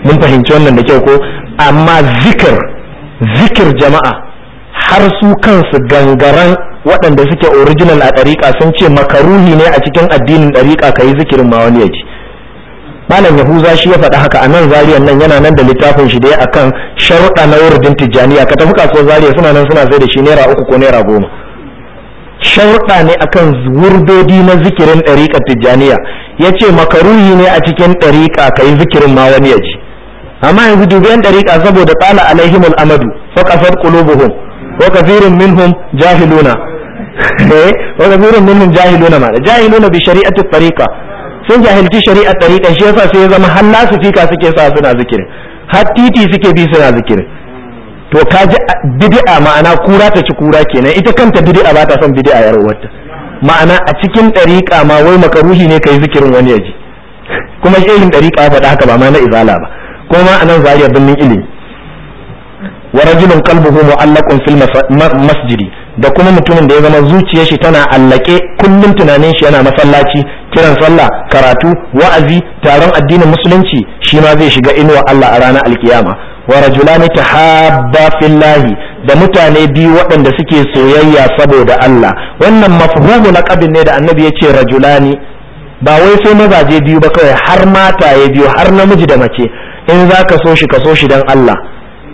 S1: mun fahimci wannan da kyau ko amma zikir zikir jama'a har su kansu gangaran waɗanda suke original a ɗariƙa sun ce makaruhi ne a cikin addinin ɗariƙa ka yi zikirin ma wani ya malam yahuza shi ya faɗi haka a nan zariyan nan yana nan da littafin shi dai akan sharuɗa na wurdin tijjaniya ka tafi kasuwar zariya suna nan suna sai da shi naira uku ko naira goma sharuɗa ne akan wurdodi na zikirin ɗariƙar tijjaniya ya ce makaruhi ne a cikin ɗariƙa ka yi zikirin ma wani ya amma yanzu dubiyan dariƙa saboda tsala alaihim al'amadu fa qasat qulubuhum wa kafirun minhum jahiluna eh, wa kafirun minhum jahiluna ma jahiluna bi shari'ati tariqa sun jahilci shari'a tariqa shi yasa sai ya zama hallasu fika suke sa suna zikirin har titi suke bi suna zikirin to ka ji bid'a ma'ana kura ta ci kura kenan ita kanta bid'a ba ta son bid'a ya rawarta ma'ana a cikin dariƙa ma wai makaruhi ne kai zikirin wani ya ji kuma shehin dariƙa da haka ba ma na izala ba kuma a nan zariya birnin ilimi wa rajulun qalbuhu mu'allaqun fil masjidi da kuma mutumin da ya zama zuciyar shi tana allake kullum tunanin shi yana masallaci kiran sallah karatu wa'azi taron addinin musulunci shi ma zai shiga inuwa Allah a ranar alkiyama wa rajulani tahabba fillahi da mutane biyu waɗanda suke soyayya saboda Allah wannan mafhumu laqabin ne da annabi ya ce rajulani ba wai sai mazaje biyu ba kawai har mata ya biyu har namiji da mace in za ka so shi ka so shi don Allah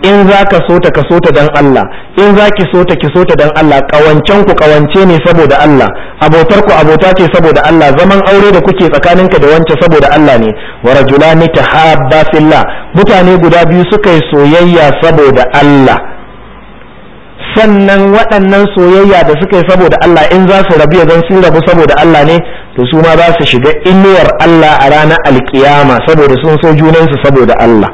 S1: in za ka so ta ka so ta dan Allah in za ki so ta ki so ta dan Allah kawancen ku kawance ne saboda Allah abotar ku abota ce saboda Allah zaman aure da kuke tsakaninka da wance saboda Allah ne wa rajulani tahabba fillah mutane guda biyu suka yi soyayya saboda Allah sannan waɗannan soyayya da suka yi saboda Allah in za su rabu ya zan sun rabu saboda Allah ne to su ma za su shiga inuwar Allah a ranar alkiyama saboda sun so junansu saboda Allah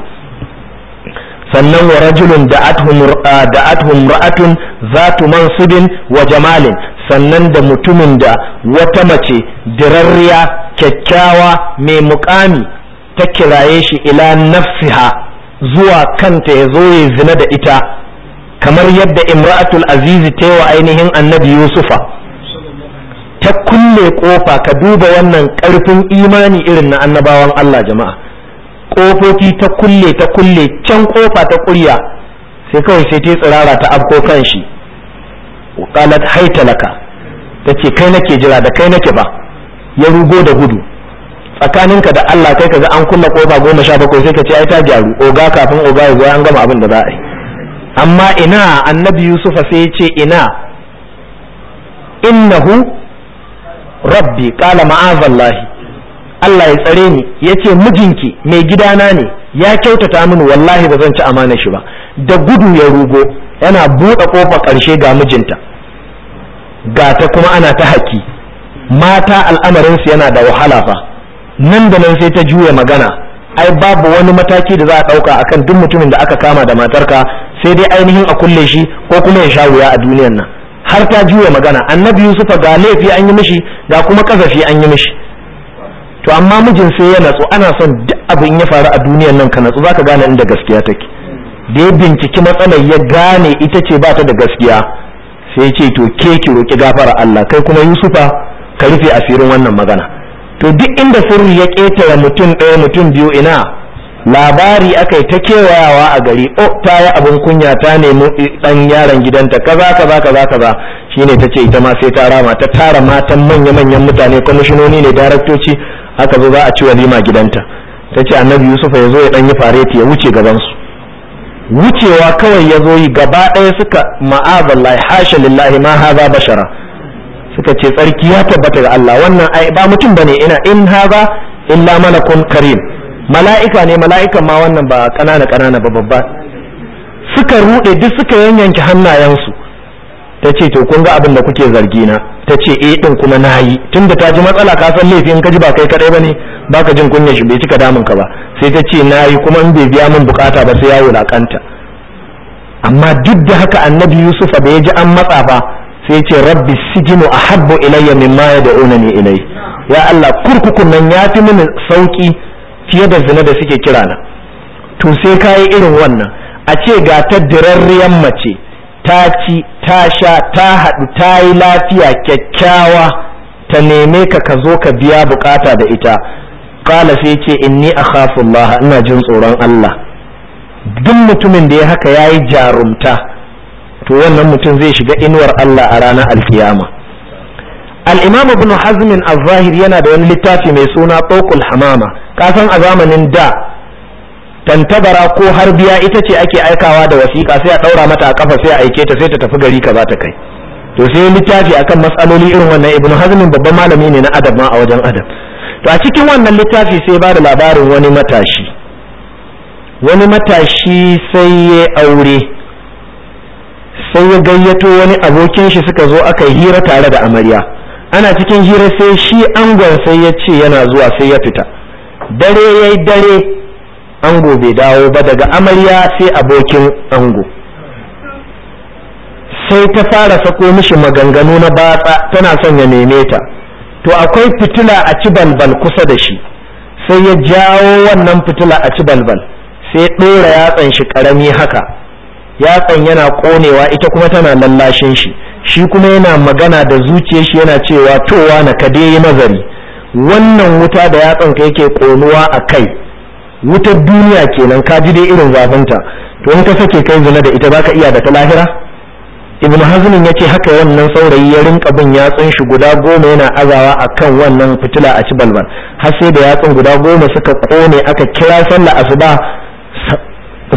S1: sannan wa rajulun da'atuhum ra'atun zatu mansubin wa jamalin sannan da mutumin da wata mace dirarriya kyakkyawa mai mukami ta kiraye shi ila nafsiha zuwa kanta ya zo ya zina da ita kamar yadda imra'atul azizi ta wa ainihin annabi yusufa ta kulle kofa ka duba wannan karfin imani irin na annabawan Allah jama'a kofofi ta kulle ta kulle can kofa ta kurya sai kawai sai ta tsirara ta abko kan shi qalat haitalaka tace kai nake jira da kai nake ba ya rugo da gudu tsakaninka da Allah kai kaga an kulle kofa goma sha bakwai sai ka ce ai ta gyaru oga kafin oga ya zo an gama abin da za a yi amma ina annabi yusufa sai ya ce ina innahu rabbi kala ma'azallahi Allah ya tsare ni yace mijinki mai gidana ne ya kyautata mini wallahi ba zan ci amana shi ba da gudu ya rugo yana buɗe ƙofa ƙarshe ga mijinta ga ta kuma ana ta haƙi mata al'amarinsu yana da wahala fa nan da nan sai ta juya magana ai babu wani mataki da za a ɗauka akan duk mutumin da aka kama da matarka sai dai ainihin a kulle shi ko kuma ya sha wuya a duniyan nan har ta juya magana annabi yusufa ga laifi an yi mishi ga kuma kazafi an yi mishi to amma mijin sai ya natsu ana son duk abin ya faru a duniyar nan ka natsu zaka gane inda gaskiya take da ya binciki matsalar ya gane ita ce ba ta da gaskiya sai ce to ke ki roki gafara Allah kai kuma yusufa ka rufe asirin wannan magana to duk inda sirri ya ketare mutum ɗaya mutum biyu ina labari aka yi ta kewayawa a gari o oh, ta yi abin kunya ta nemi dan yaron gidanta kaza kaza kaza kaza shine ta ita ma sai ta rama ta tara matan manya-manyan mutane kwamishinoni ne daraktoci aka zo za a ci walima gidanta tace annabi yusuf ya zo ya dan yi fareti ya wuce gabansu wucewa kawai ya zo yi gaba ɗaya suka ma'azallahi hasha lillahi ma haza bashara suka ce tsarki ya tabbata ga Allah wannan ai ba mutum bane ina in haza illa malakun karim mala'ika ne mala'ikan ma wannan ba ƙanana ƙanana ba babba suka ruɗe duk suka yanyanke hannayensu ta ce to kun ga abin da kuke zargi na ta ce eh din kuma na yi tunda ta ji matsala ka san laifin ka ji ba kai kadai bane baka jin kunya shi bai cika damun ka ba sai ta ce na yi kuma in bai biya min bukata ba sai ya wulakanta amma duk da haka annabi yusuf ba ya ji an matsa ba sai ce rabbi sijinu ahabbu ilayya mimma yad'unani ilai ya Allah kurkukun nan ya fi mini sauki fiye da zina da suke kira na to sai ka irin wannan a ce ga ta dirarriyar mace ta ci ta sha ta haɗu ta yi lafiya kyakkyawa ta neme ka ka zo ka biya bukata da ita kala sai ce inni laha ina jin tsoron Allah duk mutumin da ya haka ya yi jarumta to wannan mutum zai shiga inuwar Allah a ranar alkiyama al-imam حزم الظاهر zahir yana da wani littafi mai suna tawqul hamama kasan a zamanin da tantabara ko harbiya ita ce ake aikawa da wasiƙa sai a daura mata a kafa sai a aike ta sai ta tafi gari kaza ta kai to sai littafi akan matsaloli irin wannan ibn hazm babban malami ne na adab ma a wajen adab to a cikin wannan littafi sai ba da labarin wani matashi wani matashi sai ya aure sai ya gayyato wani abokin shi suka zo aka yi hira tare da amarya ana cikin hira sai shi angon sai ya ce yana zuwa sai ya fita dare ya yi dare ango bai dawo ba daga amarya sai abokin ango sai ta fara sako mishi maganganu na batsa tana son ya neme ta to akwai fitila a ci balbal kusa da shi sai ya jawo wannan fitila a ci balbal sai ɗora yatsan shi ƙarami haka yatsan yana ƙonewa ita kuma tana lallashin shi shi kuma yana magana da zuciyar shi yana cewa towa na ka yi nazari wannan wuta da yatsanka yake ƙonuwa a kai wutar duniya kenan ka ji dai irin zafinta to in ka sake kai zina da ita zaka iya da ta lahira ibn hazmin yace haka wannan saurayi ya rinka bin yatsun shi guda goma yana azawa akan wannan fitila a ci balbal har sai da yatsun guda goma suka kone aka kira sallah asuba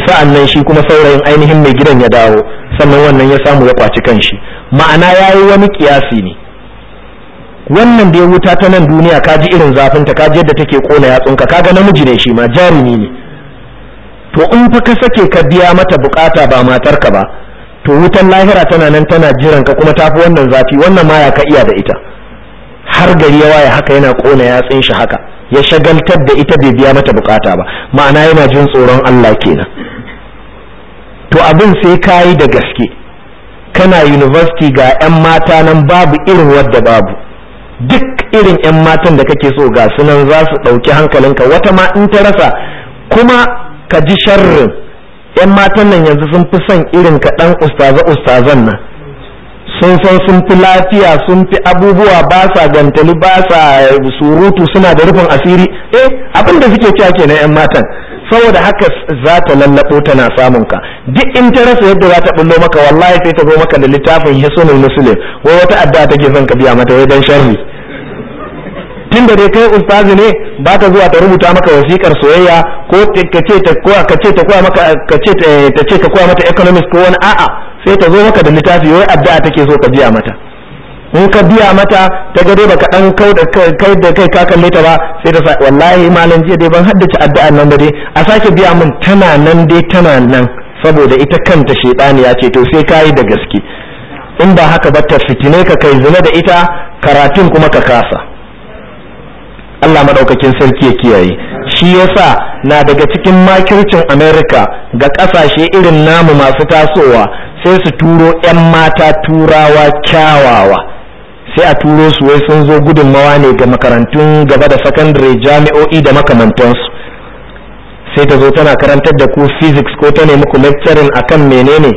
S1: sa'an nan shi kuma saurayin ainihin mai gidan ya dawo sannan wannan ya samu ya kwaci kanshi ma'ana ya yi wani kiyasi ne wannan da ya wuta ta nan duniya ka ji irin zafinta ka ji yadda take kona ka ga namiji ne shi ma jarumi ne to in fa ka sake ka biya mata bukata ba matarka ba to wutan lahira tana nan tana jiran ka kuma tafi wannan zafi wannan ma ya ka iya da ita har gari ya waye haka yana kona yatsun shi haka ya shagaltar da ita bai biya mata bukata ba ma'ana yana jin tsoron Allah kenan to abin sai kayi da gaske kana university ga 'yan mata nan babu irin wadda babu duk irin 'yan matan da kake so ga sunan za su ɗauki hankalinka wata ma in ta rasa kuma ka ji sharrin 'yan matan nan yanzu sun fi son irin ka ɗan ustaza-ustazan nan sun san sun fi lafiya sun fi abubuwa ba sa gantali ba sa surutu suna da rufin asiri eh abinda da suke cewa kenan 'yan matan saboda haka za ta lallabo tana samun ka duk in ta rasa yadda za ta bullo maka wallahi sai ta zo maka da littafin hisunul muslim ko wata addu'a take son ka biya mata wai dan sharri tun da dai kai ustazi ne ba ta zuwa ta rubuta maka wasikar soyayya ko ka ce ta koya maka ka ce ta ce ka koya mata economics ko wani a'a sai ta zo maka da littafi wai addu'a take so ka biya mata in ka biya mata ta ba ka dan kai da kai ka kalle ta ba sai ta wallahi malam jiya dai ban haddace addu'a nan da dai a sake biya mun tana nan dai tana nan saboda ita kanta ya ce to sai kayi da gaske in ba haka ba ta fitine ka kai zina da ita karatun kuma ka kasa Allah madaukakin sarki ya kiyaye shi yasa na daga cikin makircin America ga kasashe irin namu masu tasowa sai su turo 'yan mata turawa kyawawa sai a turo su wai sun zo gudunmawa ne ga makarantun gaba da sakandare jami'o'i da makamantansu sai ta zo tana karantar da ku physics ko ta nemi ku lecturing akan menene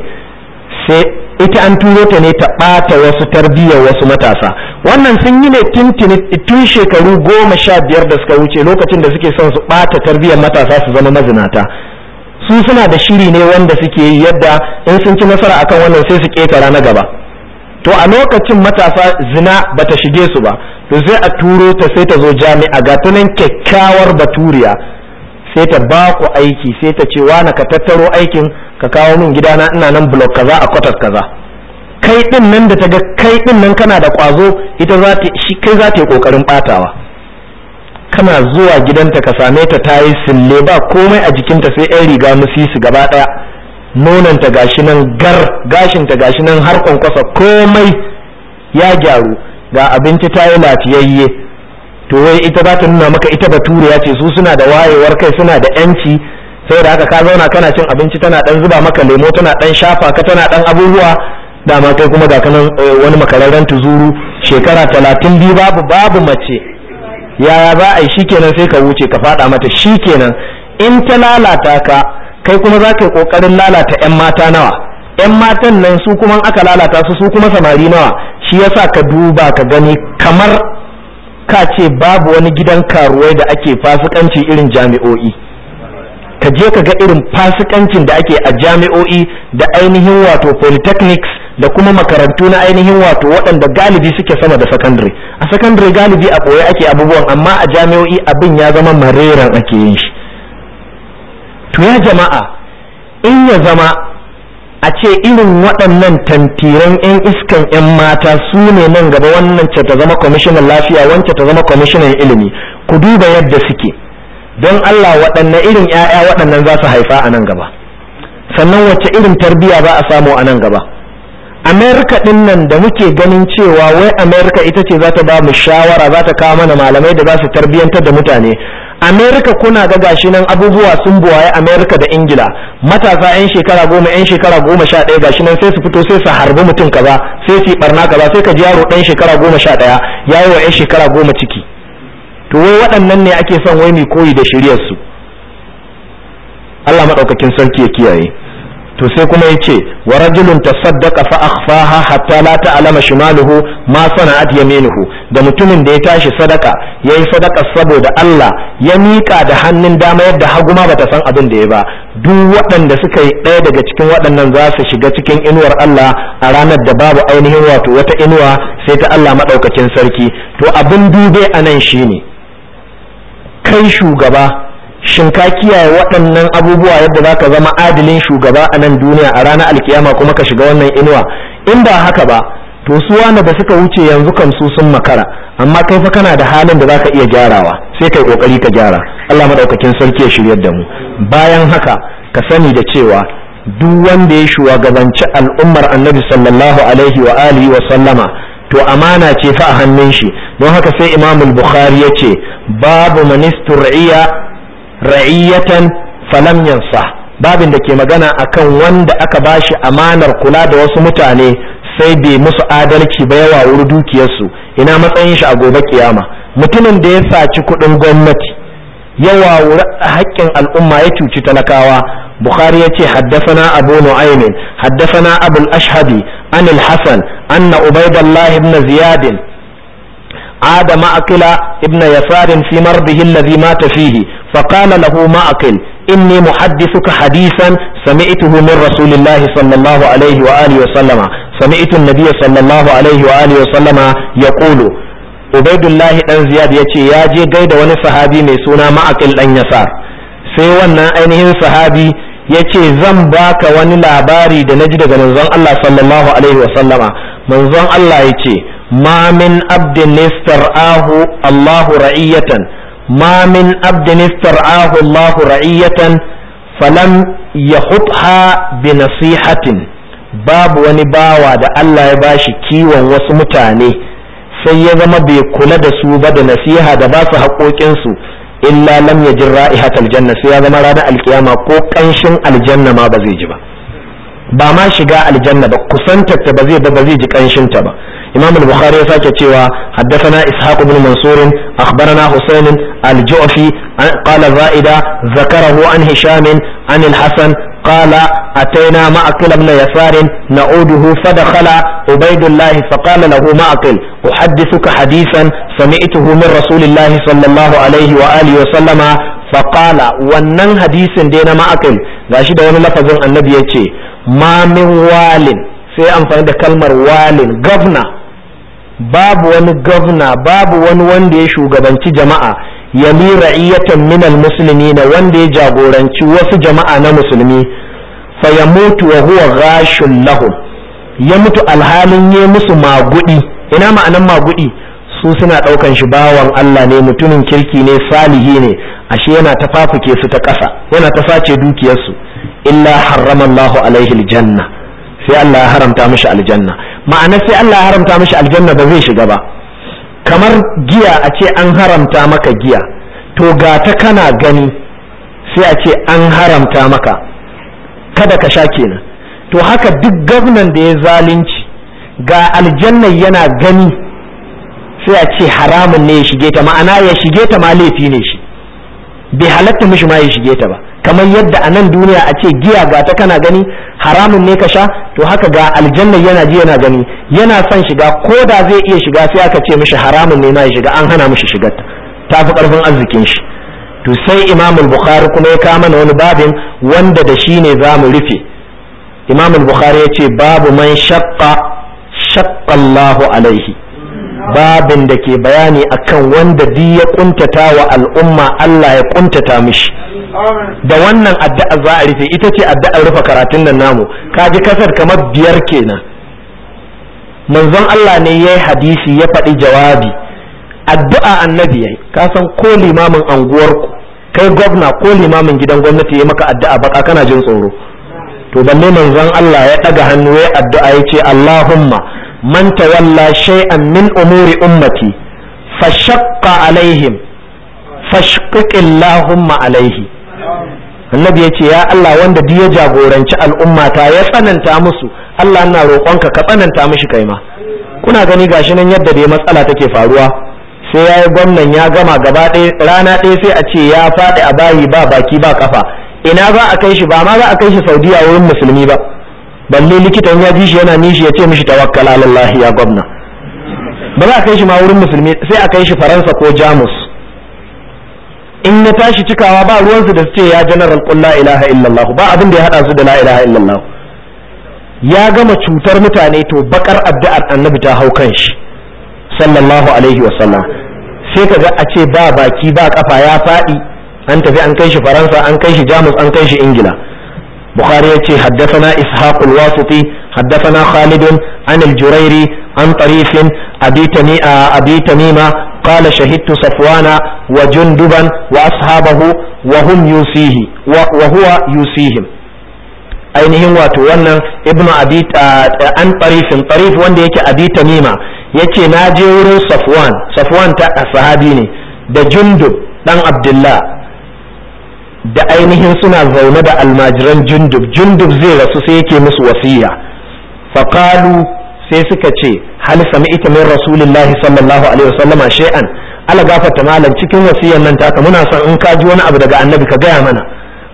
S1: sai ita an turo ta ne ta ɓata wasu tarbiyyar wasu matasa wannan sun yi ne tun shekaru goma sha biyar da suka wuce lokacin da suke son su ɓata tarbiyyar matasa su zama mazinata su suna da shiri ne wanda suke yi yadda in sun ci nasara akan wannan sai su ƙetara na gaba to a lokacin matasa zina bata shige su ba to sai a turo ta sai ta zo jami'a ga nan kyakkyawar baturiya sai ta ba ku aiki sai ta ce wani ka tattaro aikin ka kawo min gidana ina nan blok kaza a kwatas kaza kai din nan da ta ga kai din nan kana da kwazo ita za ta shi kai za ta yi kokarin batawa kana zuwa gidanta ka same ta tayi yi sille ba komai a jikinta sai yan riga musisi gaba daya nonon ta gashi nan gar gashin ta gashi nan har kwankwasa komai ya gyaru ga abinci ta yi lafiyayye to wai ita za ta nuna maka ita baturiya ce su suna da wayewar kai suna da yanci da haka ka zauna kana cin abinci tana dan zuba maka lemo tana dan shafa ka tana dan abubuwa dama kai kuma ga kanan eh, wani makararren tuzuru shekara talatin biyu babu babu mace yaya za a yi shikenan sai ka wuce ka faɗa mata shikenan in ta lalata ka kai kuma za ka yi ƙoƙarin lalata 'yan mata nawa 'yan matan nan su kuma aka lalata su su kuma samari nawa shi yasa ka duba ka gani kamar ka ce babu wani gidan karuwai da ake fasikanci irin jami'o'i ka je ka ga irin fasikancin da ake a jami'o'i da ainihin wato polytechnics da kuma makarantu na ainihin wato waɗanda galibi suke sama da secondary a secondary galibi a ɓoye ake abubuwan amma a jami'o'i abin ya zama mareran ake yin shi to ya jama'a in ya zama a ce irin waɗannan tantiran 'yan iskan 'yan mata su ne nan gaba wannan ce ta zama kwamishinan lafiya wancan ta zama kwamishinan ilimi ku duba yadda suke don allah waɗanne irin 'ya'ya waɗannan za su haifa a nan gaba sannan wacce irin tarbiyya ba a samu a nan gaba amerika din nan da muke ganin cewa wai amerika ita ce za ta ba mu shawara za ta kawo mana malamai da za su tarbiyyantar da mutane amerika kuna ga gashi nan abubuwa sun buwaye amerika da ingila matasa 'yan shekara goma 'yan shekara goma sha ɗaya gashi nan sai su fito sai su harbi mutum kaza sai su yi barna kaza sai ka ji yaro ɗan shekara goma sha ɗaya ya yi wa 'yan shekara goma ciki to wai waɗannan ne ake son wai mai koyi da shiryarsu allah maɗaukakin sarki ya kiyaye to sai kuma ya ce wa rajulun saddaka fa akhfaha hatta la ta'lama shimaluhu ma sana'at yaminuhu da mutumin da ya tashi sadaka yayi sadaka saboda Allah ya mika da hannun dama yadda hagu ma bata san abin da ya ba duk waɗanda suka yi ɗaya daga cikin waɗannan za su shiga cikin inuwar Allah a ranar da babu ainihin wato wata inuwa sai ta Allah madaukakin sarki to abin dube anan shine kai shugaba shin ka kiyaye waɗannan abubuwa yadda za ka zama adilin shugaba a nan duniya a ranar alkiyama kuma ka shiga wannan inuwa in ba haka ba to su wanda da suka wuce yanzu kam su sun makara amma kai fa kana da halin da za ka iya gyarawa sai kai kokari ka gyara Allah madaukakin sarki ya shiryar da mu bayan haka ka sani da cewa duk wanda ya shugabanci al'ummar annabi sallallahu alaihi wa alihi wa sallama to amana ce fa a hannun shi don haka sai imamul bukhari ya ce babu manistur'iya ra'iyatan falam yansa babin da ke magana akan wanda aka bashi amanar kula da wasu mutane sai bai musu adalci ba yawa wuri dukiyarsu ina matsayin shi a gobe kiyama mutumin da ya saci kuɗin gwamnati yawa wuri haƙƙin al'umma ya cuci talakawa bukhari ya ce haddasana abu nu'aymin haddasana abul ashhadi an al-hasan anna ubaidallah ibn ziyadin. عاد معقل ابن يسار في مرضه الذي مات فيه فقال له معقل إني محدثك حديثا سمعته من رسول الله صلى الله عليه وآله وسلم سمعت النبي صلى الله عليه وآله وسلم يقول عبيد الله بن زياد يتي ياجي قيد ونصحابي ميسونا معقل أن يسار سيوانا أينهن صحابي yace zan baka wani labari da naji daga manzon Allah sallallahu alaihi wasallama manzon Allah yace Mamin min abdin nistar'ahu Allahu ra'iyatan ma min abdin ra'iyyatan. Allahu ra'iyatan falam yahutha bi nasihatin babu wani bawa da Allah ya bashi kiwon wasu mutane sai ya zama bai kula da su ba da nasiha da basu su haƙoƙinsu illa lam yajin ra'ihatal janna sai ya zama ranar alkiyama ko ƙanshin aljanna ma ba zai ji ba ba ma shiga aljanna ba kusantar ta ba zai ji kanshin ta ba imam al ya sake cewa haddathana ishaq ibn mansur akhbarana husayn al-ju'fi qala za'ida zakarahu an hisham an al-hasan قال أتينا معقل بن يسار نعوده فدخل عبيد الله فقال له معقل أحدثك حديثا سمعته من رسول الله صلى الله عليه وآله وسلم فقال ونن حديث دينا معقل gashi da wani lafazin annabi ya ce mamin walin sai amfani da kalmar walin gavna babu wani gwamna babu wani wanda ya shugabanci jama'a ya yali ra'iyatan minal musulmi na wanda ya jagoranci wasu jama'a na musulmi fa ya mutu wa huwa ghashun lahum ya mutu alhalin ya musu magudi ina ma'anan magudi su suna ɗaukan shi bawan Allah ne mutumin kirki ne salihi ne ashe yana tafafuke su ta ƙasa yana ta face dukiyarsu illa harrama Allahu alaihi aljanna sai Allah ya haramta mishi aljanna ma'ana sai Allah ya haramta mishi aljanna ba zai shiga ba kamar giya a ce an haramta maka giya to ga ta kana gani sai a ce an haramta maka kada ka sha kenan to haka duk gwamnan da ya zalunci ga aljannan yana gani sai a ce haramun ne ya shige ta ma'ana ya shige ta ma laifi ne shi bai halatta mishi ma ya shige ta ba kamar yadda a nan duniya a ce giya ga ta kana gani haramun ne ka sha to haka ga aljanna yana ji yana gani yana son shiga ko da zai iya shiga sai aka ce mishi haramun ne ma ya shiga an hana mishi shigar ta fi karfin arzikin shi to sai imam bukhari kuma ya kama na wani babin wanda da shi ne za mu rufe imam bukhari ya ce babu man shaqqa shaqqa Allahu alaihi babin da ke bayani akan wanda duk ya kuntata wa al'umma Allah ya kuntata mishi da wannan addu'a za a rufe ita ce addu'ar rufe karatun nan namu kaji kasar kamar biyar kenan manzon Allah ne ya yi hadisi ya faɗi jawabi addu'a annabi yayi ka san ko limamin anguwarku kai gwamna ko limamin gidan gwamnati ya maka addu'a baka kana jin tsoro to balle manzon Allah ya ɗaga hannu ya addu'a ya ce Allahumma man tawalla shay'an min umuri ummati fashaqqa alaihim fashqiq illahumma alaihi annabi yace ya Allah wanda duk ya jagoranci al'ummata ya tsananta musu Allah ina roƙonka ka tsananta mishi kai ma kuna gani gashi nan yadda dai matsala take faruwa sai yayi gwamnan ya gama gaba ɗaya rana ɗaya sai a ce ya faɗi a bayi ba baki ba kafa ina za a kai shi ba ma za a kai shi Saudiya wurin musulmi ba balle likitan ya ji shi yana nishi ya ce mishi tawakkal alallahi ya gwamna ba za a kai shi ma wurin musulmi sai a kai shi faransa ko jamus in ya tashi cikawa ba ruwansu da su ce ya general qul la ilaha ba abin da ya hada su da la ilaha ya gama cutar mutane to bakar addu'ar annabi ta hau kan shi sallallahu alaihi wa sallam sai kaga a ce ba baki ba kafa ya faɗi an tafi an kai shi faransa an kai shi jamus an kai shi ingila bukhari yace haddathana ishaq al-wasiti haddathana khalidun an al-jurairi an tarif abi tamima abi tamima qala wa junduban wa wa hum wa huwa yusihim ainihin wato wannan ibnu abi an tarifin tarif wanda yake abi tamima yace na je wurin safwan safwan ta sahabi ne da jundub dan abdullah da ainihin suna zaune da almajiran jundub jundub zai rasu sai yake musu wasiya faqalu sai suka ce hal sami'ta min rasulillahi sallallahu alaihi wasallama shay'an ala gafarta malam cikin wasiyar nan taka muna son in ka ji wani abu daga annabi ka gaya mana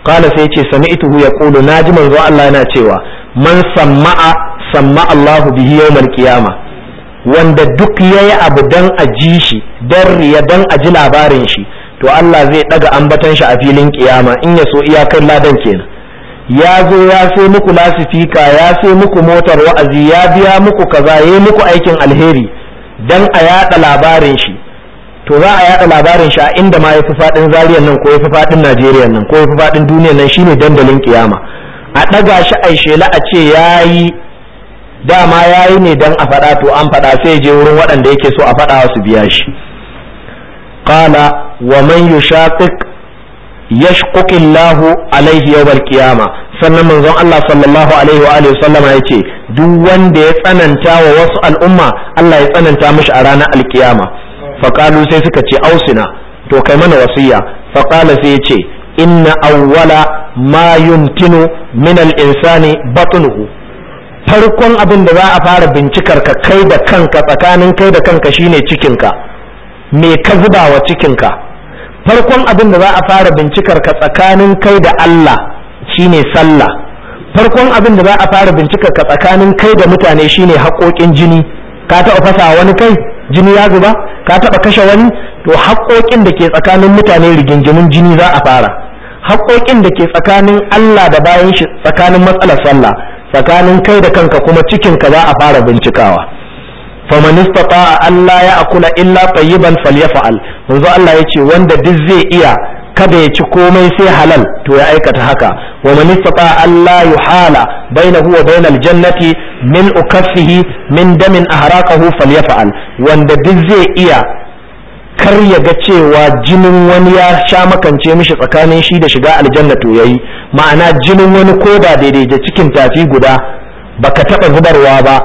S1: qala sai ce sami'tuhu yaqulu naji manzo Allah yana cewa man samma'a samma Allahu bihi yawmal qiyamah wanda duk yayi abu dan aji shi dan riya dan a ji labarin shi to Allah zai daga ambatan shi a filin kiyama in ya so iyakar ladan kenan ya zo ya sai muku lasifika ya sai muku motar wa'azi ya biya muku kaza ya muku aikin alheri dan a yada labarin shi to za a yada labarin shi a inda ma yafi fadin zariyan nan ko yafi fadin Najeriya nan ko yafi fadin duniya nan shine dandalin kiyama a daga shi a shela a ce yayi dama yayi ne dan a fada to an fada sai je wurin waɗanda yake so a fada su biya shi qala wa man yushaqiq yashquqillahu alaihi yawmal qiyama sannan manzon Allah sallallahu alaihi wa alihi sallama yace duk wanda ya tsananta wa wasu al'umma Allah ya tsananta mishi a ranar alkiyama faqalu sai suka ce ausina to kai mana wasiya faqala sai yace inna awwala ma yumtinu min al-insani batnuhu farkon abin da za a fara bincikar ka kai da kanka tsakanin kai da kanka shine cikinka me ka zuba wa cikinka farkon abin da za a fara bincikar ka tsakanin kai da Allah shine sallah farkon abin da za a fara bincikar ka tsakanin kai da mutane shine haƙoƙin jini ka taɓa fasa wani kai jini ya zuba ka taɓa kashe wani to haƙoƙin da ke tsakanin mutane rigingimin jini za a fara haƙoƙin da ke tsakanin Allah da bayan shi tsakanin matsalar sallah tsakanin kai da kanka kuma cikinka za a fara bincikawa faman istata'a Allah ya akula illa tayyiban falyaf'al manzo Allah ce wanda duk zai iya kada ya ci komai sai halal to ya aikata haka wa man istata'a Allah yuhala bainahu wa bainal jannati min ukaffihi min damin ahraqahu falyaf'al wanda duk zai iya kar ya ga cewa jinin wani ya sha makance mishi tsakanin shi da shiga aljanna to yayi ma'ana jinin wani ko da daidai da cikin tafi guda baka taba zubarwa ba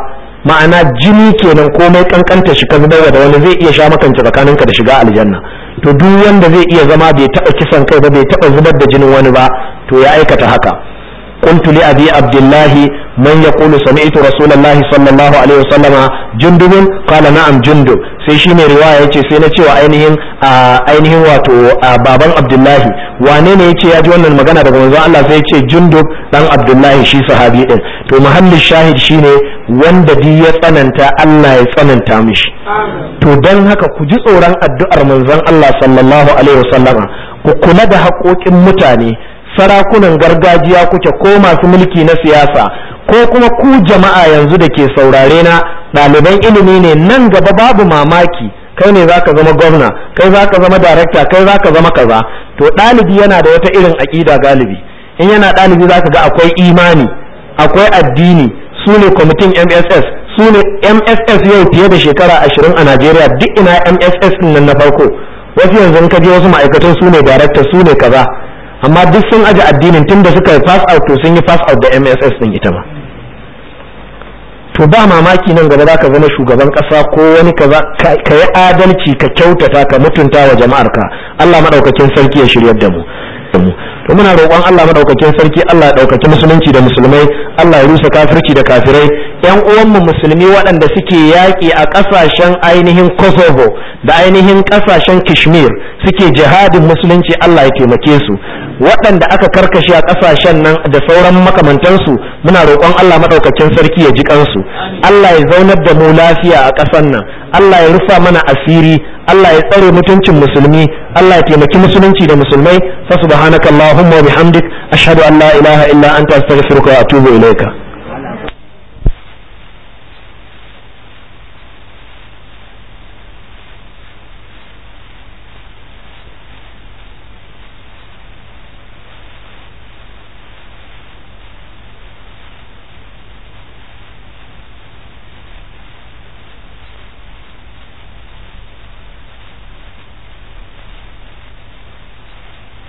S1: ma'ana jini kenan komai kankanta shi ka zubarwa da wani zai iya sha makance tsakaninka da shiga aljanna to duk wanda zai iya zama bai taɓa kisan kai ba bai taɓa zubar da jinin wani ba to ya aikata haka قلت لأبي عبد الله من يقول سمعت رسول الله صلى الله عليه وسلم جندب قال نعم جندب sai shi mai riwaya yace sai na cewa ainihin ainihin wato baban Abdullahi wane ne yace ya ji wannan magana daga manzon Allah sai yace Jundub dan Abdullahi shi sahabi din to muhallin shahid shine wanda duk ya tsananta Allah ya tsananta mishi to dan haka ku ji tsoron addu'ar manzon Allah sallallahu alaihi wasallama ku kula da haƙoƙin mutane sarakunan gargajiya kuke ko masu mulki na siyasa ko kuma ku jama'a yanzu da ke saurare na ɗaliban ilimi ne nan gaba babu mamaki kai ne zaka zama gwamna kai zaka zama darakta kai zaka zama kaza to ɗalibi yana da wata irin aƙida galibi in yana ɗalibi zaka ga akwai imani akwai addini su ne kwamitin mss su ne mss yau fiye da shekara ashirin a najeriya duk ina mss nan na farko wasu yanzu ka je wasu ma'aikatan su ne darakta su ne kaza amma duk sun aji addinin tun da suka yi pass out to sun yi pass out da mss din ita ma to ba mamaki nan gaba zaka zama shugaban kasa ko wani kaza ka yi adalci ka kyautata ka mutunta wa jama'ar ka Allah madaukakin sarki ya shiryar da mu to muna roƙon Allah madaukakin sarki Allah ya ɗaukaki musulunci da musulmai Allah ya rusa kafirci da kafirai 'yan uwanmu musulmi waɗanda suke yaƙi a ƙasashen ainihin kosovo da ainihin ƙasashen kishmir suke jihadin musulunci allah ya taimake su waɗanda aka karkashe a ƙasashen nan da sauran makamantansu muna roƙon allah maɗaukacin sarki ya ji kansu allah ya zaunar da mu lafiya a ƙasar nan allah ya rufa mana asiri allah ya tsare mutuncin musulmi allah ya taimaki musulunci da musulmai fa subhanakallahumma wa bihamdik ashhadu an la ilaha illa anta astaghfiruka wa atubu ilaika